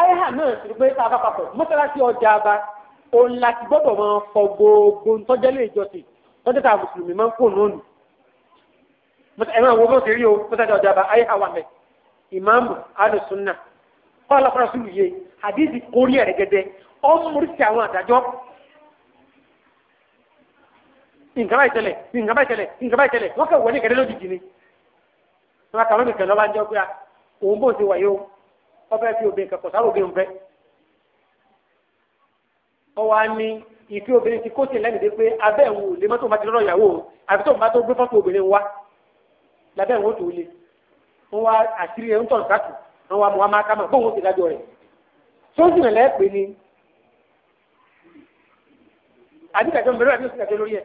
ayéhà náà ti rí pé tá a bá papọ̀ mọ́sálásí ọjà bá òun la ti gbọ́dọ̀ máa fọ gbogbo ntọ́jẹ́ lè jọsìn tọ́jọ́ tá a mùsùlùmí máa ń kó lónìí ẹ máa wo bó ṣe rí o mọ́sálásí ọjà bá ayéhà wà mẹ́ ìmáàmù alùsùnà kọ́ ọlọ́pàá sùn yìí hadisi kórìí ẹ̀rẹ́gẹ́dẹ́ ọ́ nǹkan báyìí tẹ̀lẹ̀ nǹkan báyìí tẹ̀lẹ̀ nǹkan báyìí wọlé kẹ́lẹ́ lójijì ni. wọn kà lómi kẹlẹ́ ọba ń jẹ́ pé ah, òun bò ti wáyé o ọbẹ̀ fi obìnrin kẹ̀kọ́ sáré obìnrin fẹ́. ọ wá ní ìfi obìnrin ti kó sí lẹ́nu dé pé abẹ́ òun ò lè mọ́tò má ti lọ́rọ̀ ìyàwó o àfi tó bá tó gbé fọ́tò obìnrin wa lábẹ́ òun ó tó le wọn wá àṣírí ẹ̀ ń tọ̀ sáàtù wọn wá mọ wá máa ká máa bóun ó ti dájọ́ rẹ̀ sóńsì nàlẹ́ pè ní mẹ́rẹ́ àdìgbàjọ́ lórí ẹ̀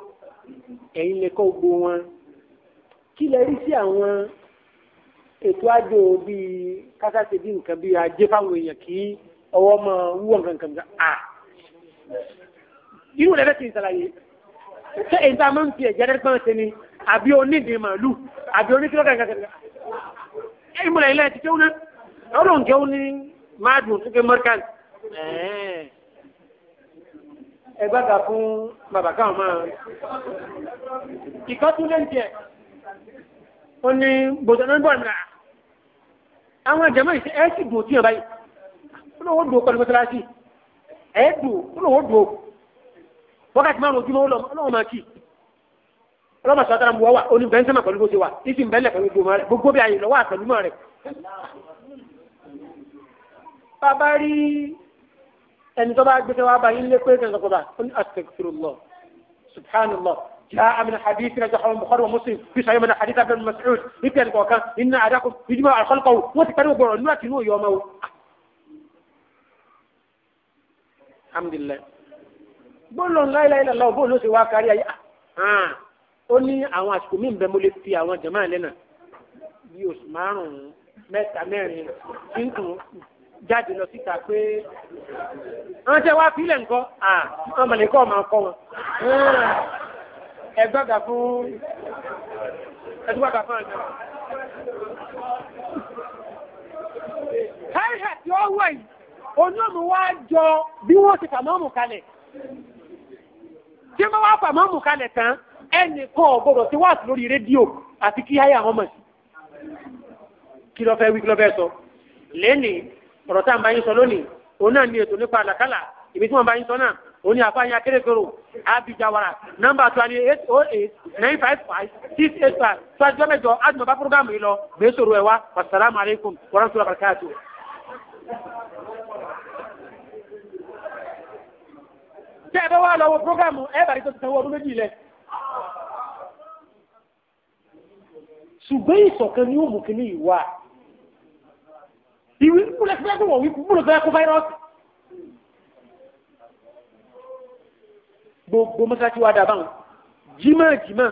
ẹ̀yin lè kọ́ gbogbo wọn kí lẹ rí sí àwọn ètò àjò bíi kásáṣe bí nǹkan bíi ajé fáwọn èèyàn kí ọwọ́ máa wúwọ̀ nǹkan kan kan à irú rẹ̀ ti ṣàlàyé ṣé èyí tá a máa ń fi ẹ̀jẹ̀ rẹ̀ pọ́n ṣe ni àbí onídìí màálù àbí oníkílọ́ kankan kankan ẹ̀yin múlẹ̀ ilé ẹ̀ ti kéwú náà ọlọ́run kéwú ní máàdùn tó ké ẹ̀ẹ́ ẹgbẹ́ta fún bàbá káwọn máa ìkọ́ tún lé ń tiẹ̀ ó ní bòtò náà ń bọ̀ nà àwọn ìjàmọ́ ìṣe ẹ̀ sì dùn tíyàn báyìí ó lówó dùn pẹ̀lú mọ́tàlásì ẹ̀ dùn ó lówó dùn wákàtí márùn ojúmọ́ ọlọ́wọ́ máa kì ọlọ́mọ sọ àtàrà mọ́ wà ó ní bẹ́ẹ̀ sẹ́mà pẹ̀lú bó ṣe wà títí bẹ́ẹ̀lẹ̀ pẹ̀lú gbogbo bí ayé lọ́wọ́ àtẹ̀lúmọ́ rẹ̀ bàbá rí ẹni tó bá gbèsè wá báyìí lé pé ẹ̀sán kọba ó ní astaghfirullah subhanallah جاء من حديث نجح البخاري ومسلم في صحيح من حديث ابن مسعود يمكن وكان ان اعداكم يجمع الخلق وتكلموا بعنوان يومه الحمد لله bọ́ọ̀lù ńlá ilá ilá lọ́wọ́ bọ́ọ̀lù ó sì wá kárí ayé hàn ah, ó ní àwọn àsìkò mí bẹ́ẹ̀ mo lè jáde lọ síta pé wọ́n tẹ́ wá fílẹ̀ nǹkan àwọn mọ̀lẹ́kọ́ máa kọ́ wọn. ẹgbàgà fún ẹgbàgà fún ẹgbàgà. káyà tí ó wọ̀ yìí onímọ̀ wá jọ bí wọ́n ti fàmọ́mù kalẹ̀ tí wọ́n wá fàmọ́mù kalẹ̀ tán ẹnìkan ọ̀gbọ́dọ̀ tí wàásù lórí rédíò àti kí wọn mọ̀ sí kí ló fẹ́ wí kí ló fẹ́ sọ lẹ́nìí ọ̀rọ̀ tá à ń bá yín sọ lónìí òun náà ní ètò nípa àlàkálà ibi tí wọ́n bá yín sọ náà òun ní àfáàyàn akérèkérò abijawara nọ́mbà twenty eight oh eight nine five five six eight five tó àjọ mẹ́jọ àdùnnà bá púrógámù yìí lọ bẹ́ẹ̀ sọ̀rọ̀ ẹ̀ wá wasalaamu aleykum wa rahmatulahi wa barakatuh. tẹ́ ẹ bá wà lọ́wọ́ púrógámù ẹ bàrí tó ti sanwó ọdún méjì lẹ. ṣùgbọ́n ìṣọ̀kan ni ó mú kí ní ìwà ìwé kúlẹ̀ fẹ́ kó wọ̀ wí kúlẹ̀ fẹ́ kó fáírọ́ọ̀sì. gbogbo mọ́sáàtì wa dà báwọn jimá jimá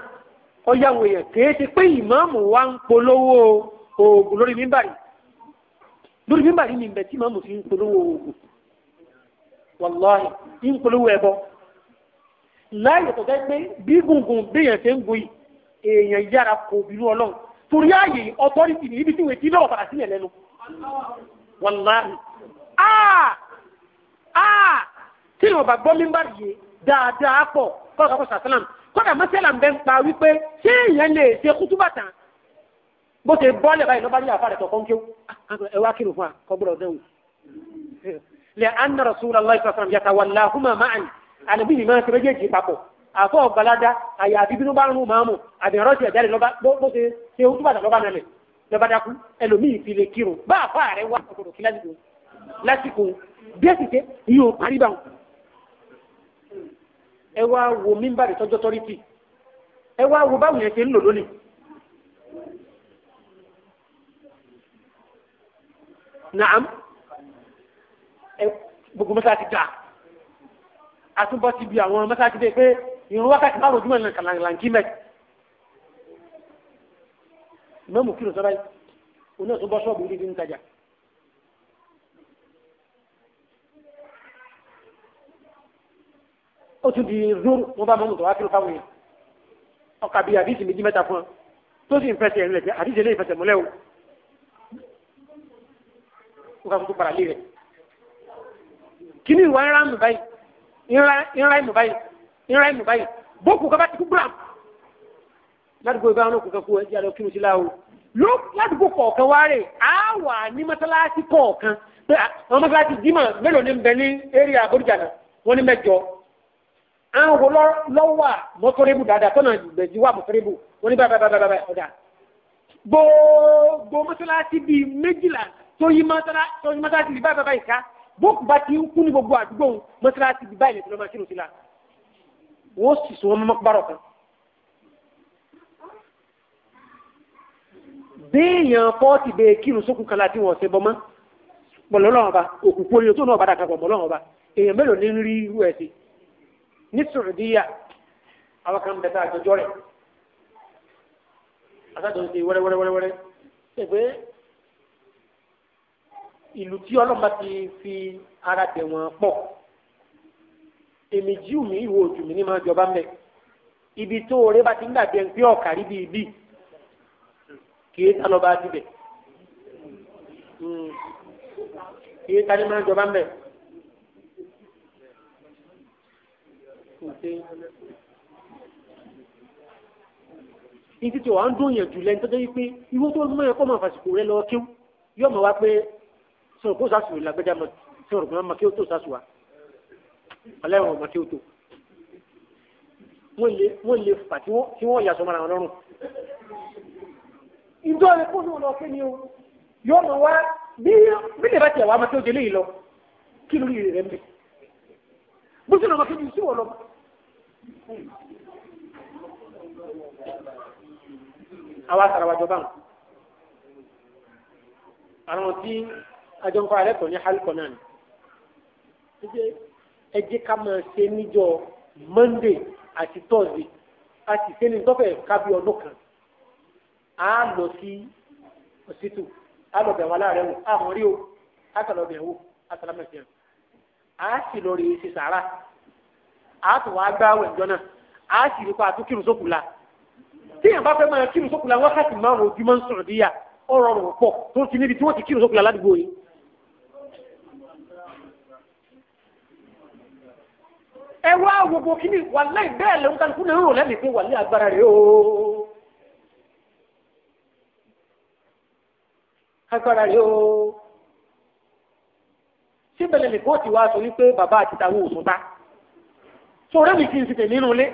ọ̀yàwó èèyàn kèé ti pé ìmáàmù wa ń polówó oògùn lórí mímbàrí lórí mímbàrí ni ìbẹ̀ tí ìmáàmù fi ń polówó oògùn wàláhì ń polówó ẹbọ láyé tó fẹ́ pé bí gungun béèyàn ṣe ń gun èèyàn yára kò bínú ọlọ́run torí ààyè ọtọ́rìtì ní ibi tí wèé tí lọ́wọ́ padà sílẹ̀ lẹ́nu wàláhì áà áà tí ìwọ̀n bá gbọ́ mímbà yìí dáadáa pọ̀ kọ́lọ̀ kọ́kọ́ sàtánàm kọ́dà mọ́sálà ń bẹ́ ń pa wípé ṣé èèyàn lè ṣe kútúbà tán bó ṣe bọ́ọ̀lẹ̀ báyìí lọ́ba ní àfàrẹ̀ tọ̀kọ́ ń kéw ah, ah, ẹ wá kírun fún wa dẹ́wù. lẹ́ anna rasulallah sallam yatawallahuma ma'an máa ń ṣe àfọ́ ọ̀gbàládá àyàfi bínú bá ń rún màámu àbẹ̀rọ̀ ti ẹ̀dá lè lọ́ba bó ṣe ṣe ojú bàtà lọ́ba nalẹ̀ lọ́ba dákú ẹlòmíì fi lè kírun bá àfọ́ ààrẹ wà ọ̀gbọ̀dọ̀ kí lásìkò lásìkò bí ẹ sì ṣe yìí ò parí báwọn. ẹ wá wo mímbàdì tọjọ́ tọ́rí tì ẹ wá wo báwọn yẹn ṣe ń lò lónìí. naam gbogbo mọ́sáàtì dà àtúbọ̀ ti bi àwọn mọ́sáàtì dé pé ìrún wákàtí márùn ojúmọ́ ìlànà kàlàǹkì mẹ́ mẹ́mù kìlọ̀ sọ́dá yìí oní ọ̀tún bọ́ ṣọ́ọ̀bù yìí ní ìtajà. ó tún di zoro wọn bá mọ́mù tó wá kìlọ̀ fáwọn yẹn ọkà bíi àdìsí méjì mẹ́ta fún ọ tó sì ń fẹsẹ̀ rìn lẹ́sẹ̀ àdìsí eléyìí fẹsẹ̀ múlẹ̀ o ó ká fún tó para lé rẹ̀ kíní ìwà ńlá mú báyìí ńlá ńlá mú báyìí ìrẹ́ mi báyìí bókù kaba ti kú gbúra ládùúgbò ìbára náà kò kẹ́kọ̀ọ́ ẹ̀ jẹ́ àlọ́ kí ló ti láwo ló ládùúgbò kọ̀ọ̀kan wá rè á wà ní mọ́sálásí kọ̀ọ̀kan pé àwọn mọ́sálásí jimá mélòó ni ń bẹ ní eré àbóríjà náà wọ́n ní mẹ́jọ àwọn wo lọ́wọ́ mọ́tòrébù dáadáa tọ́nà ìgbẹ̀jì wà mọ́tòrébù wọ́n ní báyìí báyìí báyìí ọ̀dà gbogbo mọ́sálásí bíi méjìlá tó yí mọ́sálásí bíi báyìí báyìí ká bókù bá ti ń kú ní gbogbo àdúgbò mọ́sálásí bíi báyìí lè wọ́n sì sọ wọn mọ́kúbárọ̀ kan. béèyàn pọ́ọ̀tì bẹ́ẹ̀ kírun sókun kan láti wọ́n ṣe bọ́ mọ́ pọ̀lọ́lọ́wọ́n ba òkùnkùn orí tó náà bá dàkà pọ̀lọ́wọ́n ba èèyàn mélòó ní rí irú ẹ̀ sí ní sùrùdíyà àwọn kan bẹ̀ta àjọjọ́ rẹ̀ asájọ́ ṣe wẹ́rẹ́wẹ́rẹ́wẹ́rẹ́ ṣègbè ìlú tí ọlọ́mọba ti fi ara dẹ̀ pọ̀ èmi jíù mi ìwò òjò mi ní máa jọba mẹ ibi tó oore bá ti ń dàbí ẹni pé ọ̀kàrí bíi bíi kìí ta lọ́ba dibẹ̀ hmm. kìí ta ní máa jọba mẹ. Ìdí tí wàá ń dún yẹn jù lẹ́ni tó dé wípé ìwọ tó mọ ẹ̀kọ́ máa fàṣìkò rẹ lọ kí yóò mọ̀ wá pé sọ̀rọ̀ kó sàṣùwò làgbẹ́jà mọ̀ sọ̀rọ̀ kó máa kí ó tó sàṣùwà ọlẹ́wọ̀n ọmọ tí ó tó wọ́n lè fà tí wọ́n yà sọmọ́ra wọn lọ́rùn. ìjọ rẹ̀ kó ló lọ pé ni o yóò mọ̀ wá bí bí lè bá tiẹ̀ wá ọmọ tí ó délé yìí lọ kí lórí rẹ̀ mẹ́. bó ti lọ ọmọ kejì sí wọ́n lọ. àwa sàràwájọ báwọn àwọn tí àjọ ń kọ́ alẹ́ kọ́ ní hálùkọ́ náà ni ẹ jẹ́ ká máa ṣe níjọ monday àti thursday a sì ṣe ní tọ́fẹ̀ kábí ọdún kan a lọ sí ọ̀sítù a lọ bẹ̀ wà láàrẹ̀ wò a mọ̀ rí o a kà lọ bẹ̀ wò a kà lámẹ̀ fìyàn a sì lọ rí ṣe sàárà a tún wá gbá àwẹ̀ ìjọ náà a sì rí pa àtúnkìrù sókùlà téèyàn bá fẹ́ máa kírun sókùlà wákàtí márùn-ún ojúmọ́ ń sọ̀rọ̀ díyà ọ̀rọ̀ rọ̀ pọ̀ tó ti níbi tí wọ́n ti kírun sókùlà ládùúgbò yìí. ẹ wá gbogbo kí ni wàláì bẹ́ẹ̀ lẹ́nu kálukú náà ń rò lẹ́nu pé wàláì agbára rẹ̀ ooo. agbára rẹ̀ ooo. síbẹ̀lẹ̀ nìkan ó ti wá sọ wípé bàbá àti tàwọn òsùn ta. sọ̀rọ̀ mi kì í sìnkè nínú ilé.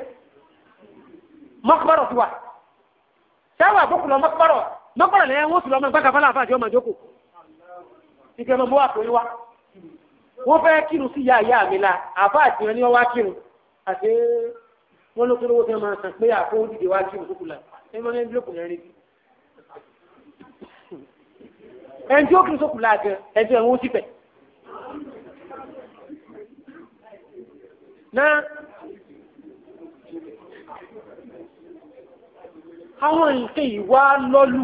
mọ́kúbárọ̀ ti wà. sáwà àbúkù lọ mọ́kúbárọ̀ mọ́kúbárọ̀ lẹ́yìn wọ́n sì lọ́mọ ìgbàkàfà láàfáà àti ọmọ ìjókòó. ìgbẹ́mọ̀ mọ́ àpò yín wá wọ́n fẹ́ kírun sí ìyá ìyá mi la àbá àti wọn ni wọ́n wá kírun àti wọ́n ló tó lówó tí wọ́n máa sàn pé àpò òdìdè wá kírun kúkú la ẹni wọ́n ní ẹni lókun yẹn rétí. ẹni tí ó kírun sókùn láàgẹ ẹni tí wọn ó sì pẹ. náà àwọn nǹkan ìwà lọ́lù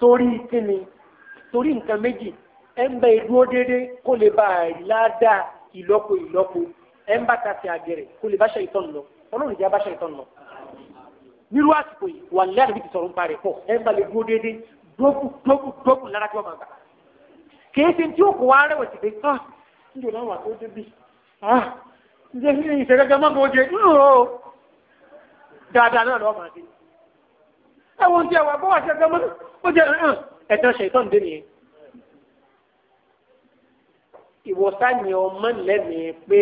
torí kíni torí nǹkan méjì ẹnba ìdúró déédéé kó lè bá àìládàá ìlọ́po ìlọ́po ẹnba kàtì àgẹ̀rẹ̀ kó lè bá ṣe ìtọ́nu lọ ọlọ́run ìjà bá ṣe ìtọ́nu lọ. nírú àsìkò yìí wà ní àdébí ti sọ̀rọ̀ ń parẹ́ pọ̀ ẹnba lè dúró déédéé dóbù dóbù dóbù lára tí ah, ah, wọ́n máa gbà. kìí ṣe tí òkú wa rẹwà ti pé ah njẹ́ náà náà ó jẹ́ ẹ̀tàn ṣètọ́n dé nìyẹn ìwọ́sá ni ọmọ lẹ́mìí pé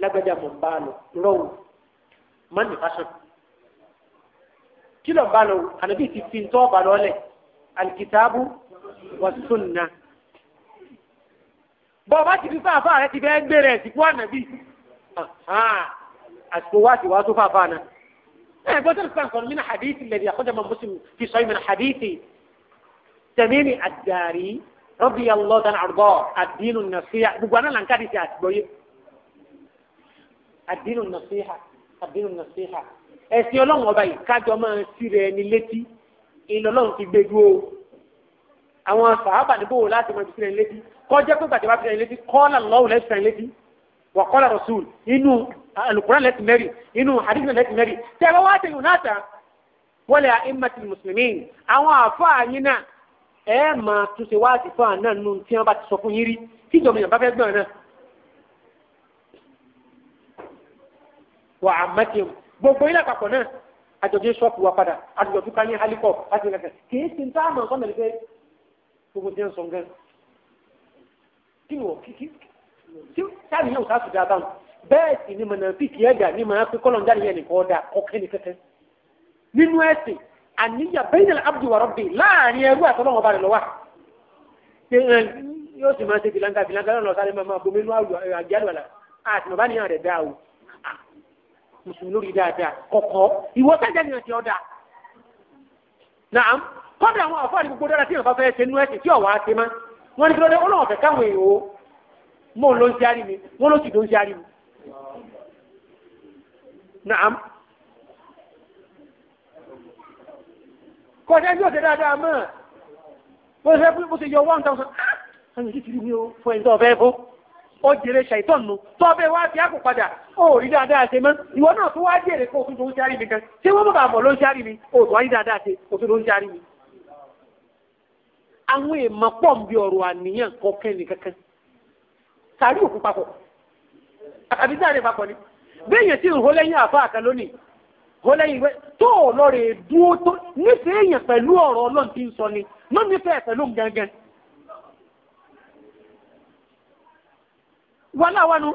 lágbájá mọ̀ ń bá lọ rọ̀wù mọ́ ní fashion kí ló ń bá lọ ànábì ti fi tọ́ ọ̀bà lọ́lẹ̀ alikitaabu wa sunna bọ́ ọba ti fi fáfá rẹ ti fẹ́ gbére ẹ̀ sípò ànábì àsìkò wá sí wá tó fáfá náà. ẹ̀ gbọ́dọ̀ sàn sọ̀rọ̀ mí na hadithi lẹ́bi àkọ́jọ́ mọ̀ mùsùlùmí fi sọ ìmọ̀ hadithi tẹ̀mí ni àdàrí. rọ́bì allah tán àrùbọ̀ àdínú nàṣíhà gbogbo àná làǹkà ti ṣe àtìgbọ́yé àdínú nàṣíhà si nàṣíhà ẹ̀sìn ọlọ́run ọba yìí kájọ máa síre ẹni létí ìlọlọ́run ti gbé dúró àwọn sàábà níbò láti máa síre ẹni létí kọjá pé bàtẹ́ bá síre ẹni létí kọ́lá alukura meri. Inu hadith meri. ẹ máa túnṣe wáàdì fún àná nù tí wọn bá ti sọ fún yín rí tí ìjọba yẹn bá fẹ́ gbọ́n náà. wà á mẹ́tì o gbogbo ilé àpapọ̀ náà àjọjọ ṣọ́ọ̀pù wa padà àjọjọ tó ká ní alikọ láti rẹ̀ kì í sin táàmù ọ̀sán mẹ́rin pé gbogbo ti ń sọ gan. kí ni wọ́n kí kí tí táàmù yẹn ò sá sùdà bá wọn bẹ́ẹ̀ sì ni mọ̀nà fífi ẹ̀gà ni màá fi kọ́lọ̀ ń jáde yẹn nìkan ọ̀dà ọ̀kẹ́ nìkẹ́kẹ́ nínú ẹ̀sìn àníyà bẹ́ẹ̀ nílẹ̀ abdu wa rabbi láàrin ẹrú àtọ́lọ́wọ́ bá rẹ̀ lọ́wọ́ yóò sì máa ṣe bilanga bilanga lọ́nà ọ̀sán lẹ́mọ̀ máa bomi inú àjálù àlà àti bàbá nìyàn rẹ̀ dáa o mùsùlùmí lórí dáadáa kọ̀kọ́ ìwọ sájà nìyàn ti ọ̀dà naam kọ́dà àwọn àfọ́ àti gbogbo dára tí yàn bá fẹ́ ṣe nú ẹ̀sìn tí ọ̀wá ṣe má wọ́n ní kí lóde ọlọ́wọ́ káwọn èèyàn o mò ń lọ ń ṣe àrí mi wọ́n ló sì ló ń ṣe àrí mi kọ́sẹ́ yóò ṣe dáadáa mọ́ bó ṣe pé bó yọ one thousand ah! ẹni tí ní o fún ẹni tó fún ó jèrè ṣàìtàn nù tó wá sí àpò padà ó rí dáadáa ṣe mọ́ ìwọ náà tó wá jèrè kó òtún tó ń ṣárí mi kan ṣé wọ́n bàbá àmọ̀ ló ń ṣárí mi ó tó wá rí dáadáa ṣe òtún ló ń ṣárí mi. àwọn èèmọ̀ pọ̀ ń bi ọ̀rọ̀ àníyàn kọ̀ọ̀kan nìkankan sàrí òkú papọ̀ àbí sáré papọ̀ ni bẹ́ẹ̀ yẹn ti ń hó lẹ́yìn àfáà wọ́n lẹ́yìn ìwé tó lọ́rẹ̀ dúó tó nífẹ̀ẹ́ èèyàn pẹ̀lú ọ̀rọ̀ tí ń sọ ni ló nífẹ̀ẹ́ pẹ̀lú gangan. wọ́n láwọnú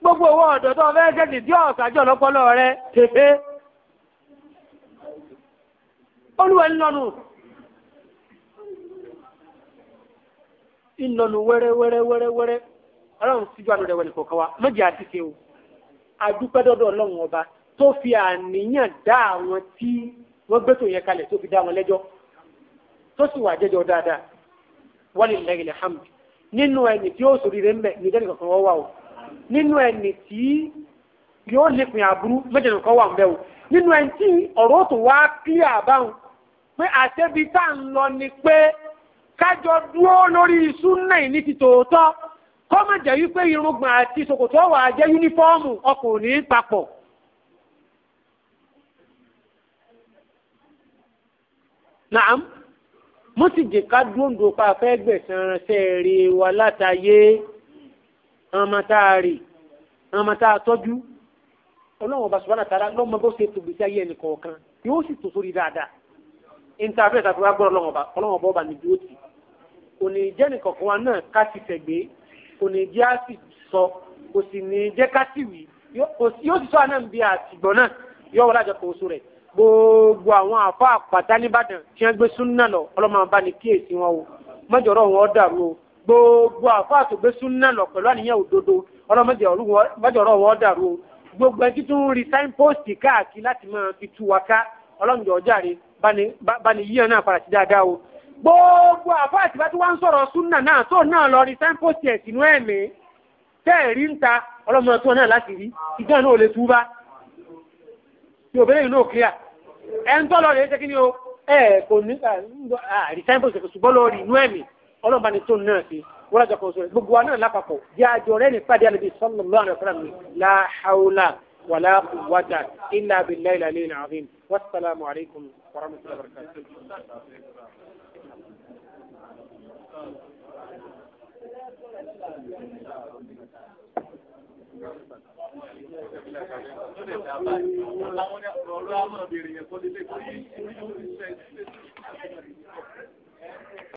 gbogbo owó ọ̀dọ̀ tó fẹ́ ṣẹ́sì tí rẹ tèfé. olúwa ń lọnu ń lọnu wẹ́rẹ́wẹ́rẹ́wẹ́rẹ́ ọlọ́run síjú àdúrà wẹ̀ wa àti o àdúpẹ́ dọ́dọ̀ ọlọ́run ọba tó fi àníyàn dá àwọn tí wọ́n gbé tó yẹ kalẹ̀ tó fi dá wọn lẹ́jọ́ tó sì wà jẹ́jọ́ dáadáa walillahi alhamd nínú ẹni tí ó sòrí rẹ̀ ń bẹ̀ ní ìjẹ́ nìkan kan wọ́n wà o nínú ẹni tí yóò lè pin àbúrú méjì nìkan wà ń bẹ̀ o nínú ẹni tí ọ̀rọ̀ tó wá kílíà báwọn pé àṣẹbi tá ń lọ ni pé kájọ dúró lórí súnà ní ti tòótọ́ kọ́mọ̀jẹ̀ wípé irùngbọ̀n àti ṣòkòtò ọ̀wà jẹ́ yúnífọ́ọ̀mù ọkùnrin papọ̀. nàám mo sì jẹ ká dóńdó pa fẹ́ gbẹ̀sán ránṣẹ́ rè wa látàyé ọmọ tá a rè ọmọ tá a tọ́jú ọlọ́run ọba subhanahu wa ta'ala lọ́mọ bó ṣe tòbi sí ayé ẹnì kọ̀ọ̀kan yóò sì tó sórí dáadáa interface àti wàá gbọ́ ọlọ́run ọba ọlọ́run ọba ọba nìdí òtì kò ní jẹ́ nìkọ̀ọ̀kan wa náà ká ti tẹ̀gbé kò ní jẹ́ á sọ kò sì ní jẹ́ ká sì wí yóò sì sọ àná bí àtìgbọ́ náà yóò wọlé àjọpọ̀ oṣù rẹ̀ gbogbo àwọn àfa àpàtà nìbàdàn tí wọ́n gbé súnà lọ ọlọ́mọ bá ní kíyèsí wọn o wọn dàrú o gbogbo àfa àtògbé lọ pẹ̀lú àníyàn òdodo wọn dàrú o gbogbo ẹni tuntun rí signpost káàkiri láti máa fi tú wa ká ọlọ́mọdéjọ́ jáde bá ní yíyan o gbogbo tí wọ́n ń sọ̀rọ̀ náà tó náà lọ rí ẹn tọ́lọ̀ rẹ̀ ṣe kí ni o ẹ kò ní àrísáìpọ̀sì kò ṣùgbọ́n lórí inú ẹ̀mí ọlọ́mọba ni tó náà fi wọ́n lọ́jọ́ kan sọ̀rọ̀ gbogbo wa náà lápapọ̀ jẹ́ àjọ rẹ̀ ní pàdé àlejò sallallahu alaihi wasallam la hawla wala quwwata illa billahi al-aliyyil azim wassalamu alaikum wa rahmatullahi wa barakatuh. Thank you àwọn ẹ̀yìn tó lè dábàá yìí wọ́n láwọn ní ọ̀rọ̀ ọlọ́wọ́ àmọ́ ìbéèrè yẹn kó lé lé kó yé oríṣiríṣi ẹ̀sìn lé sí àwọn ìbéèrè yìí.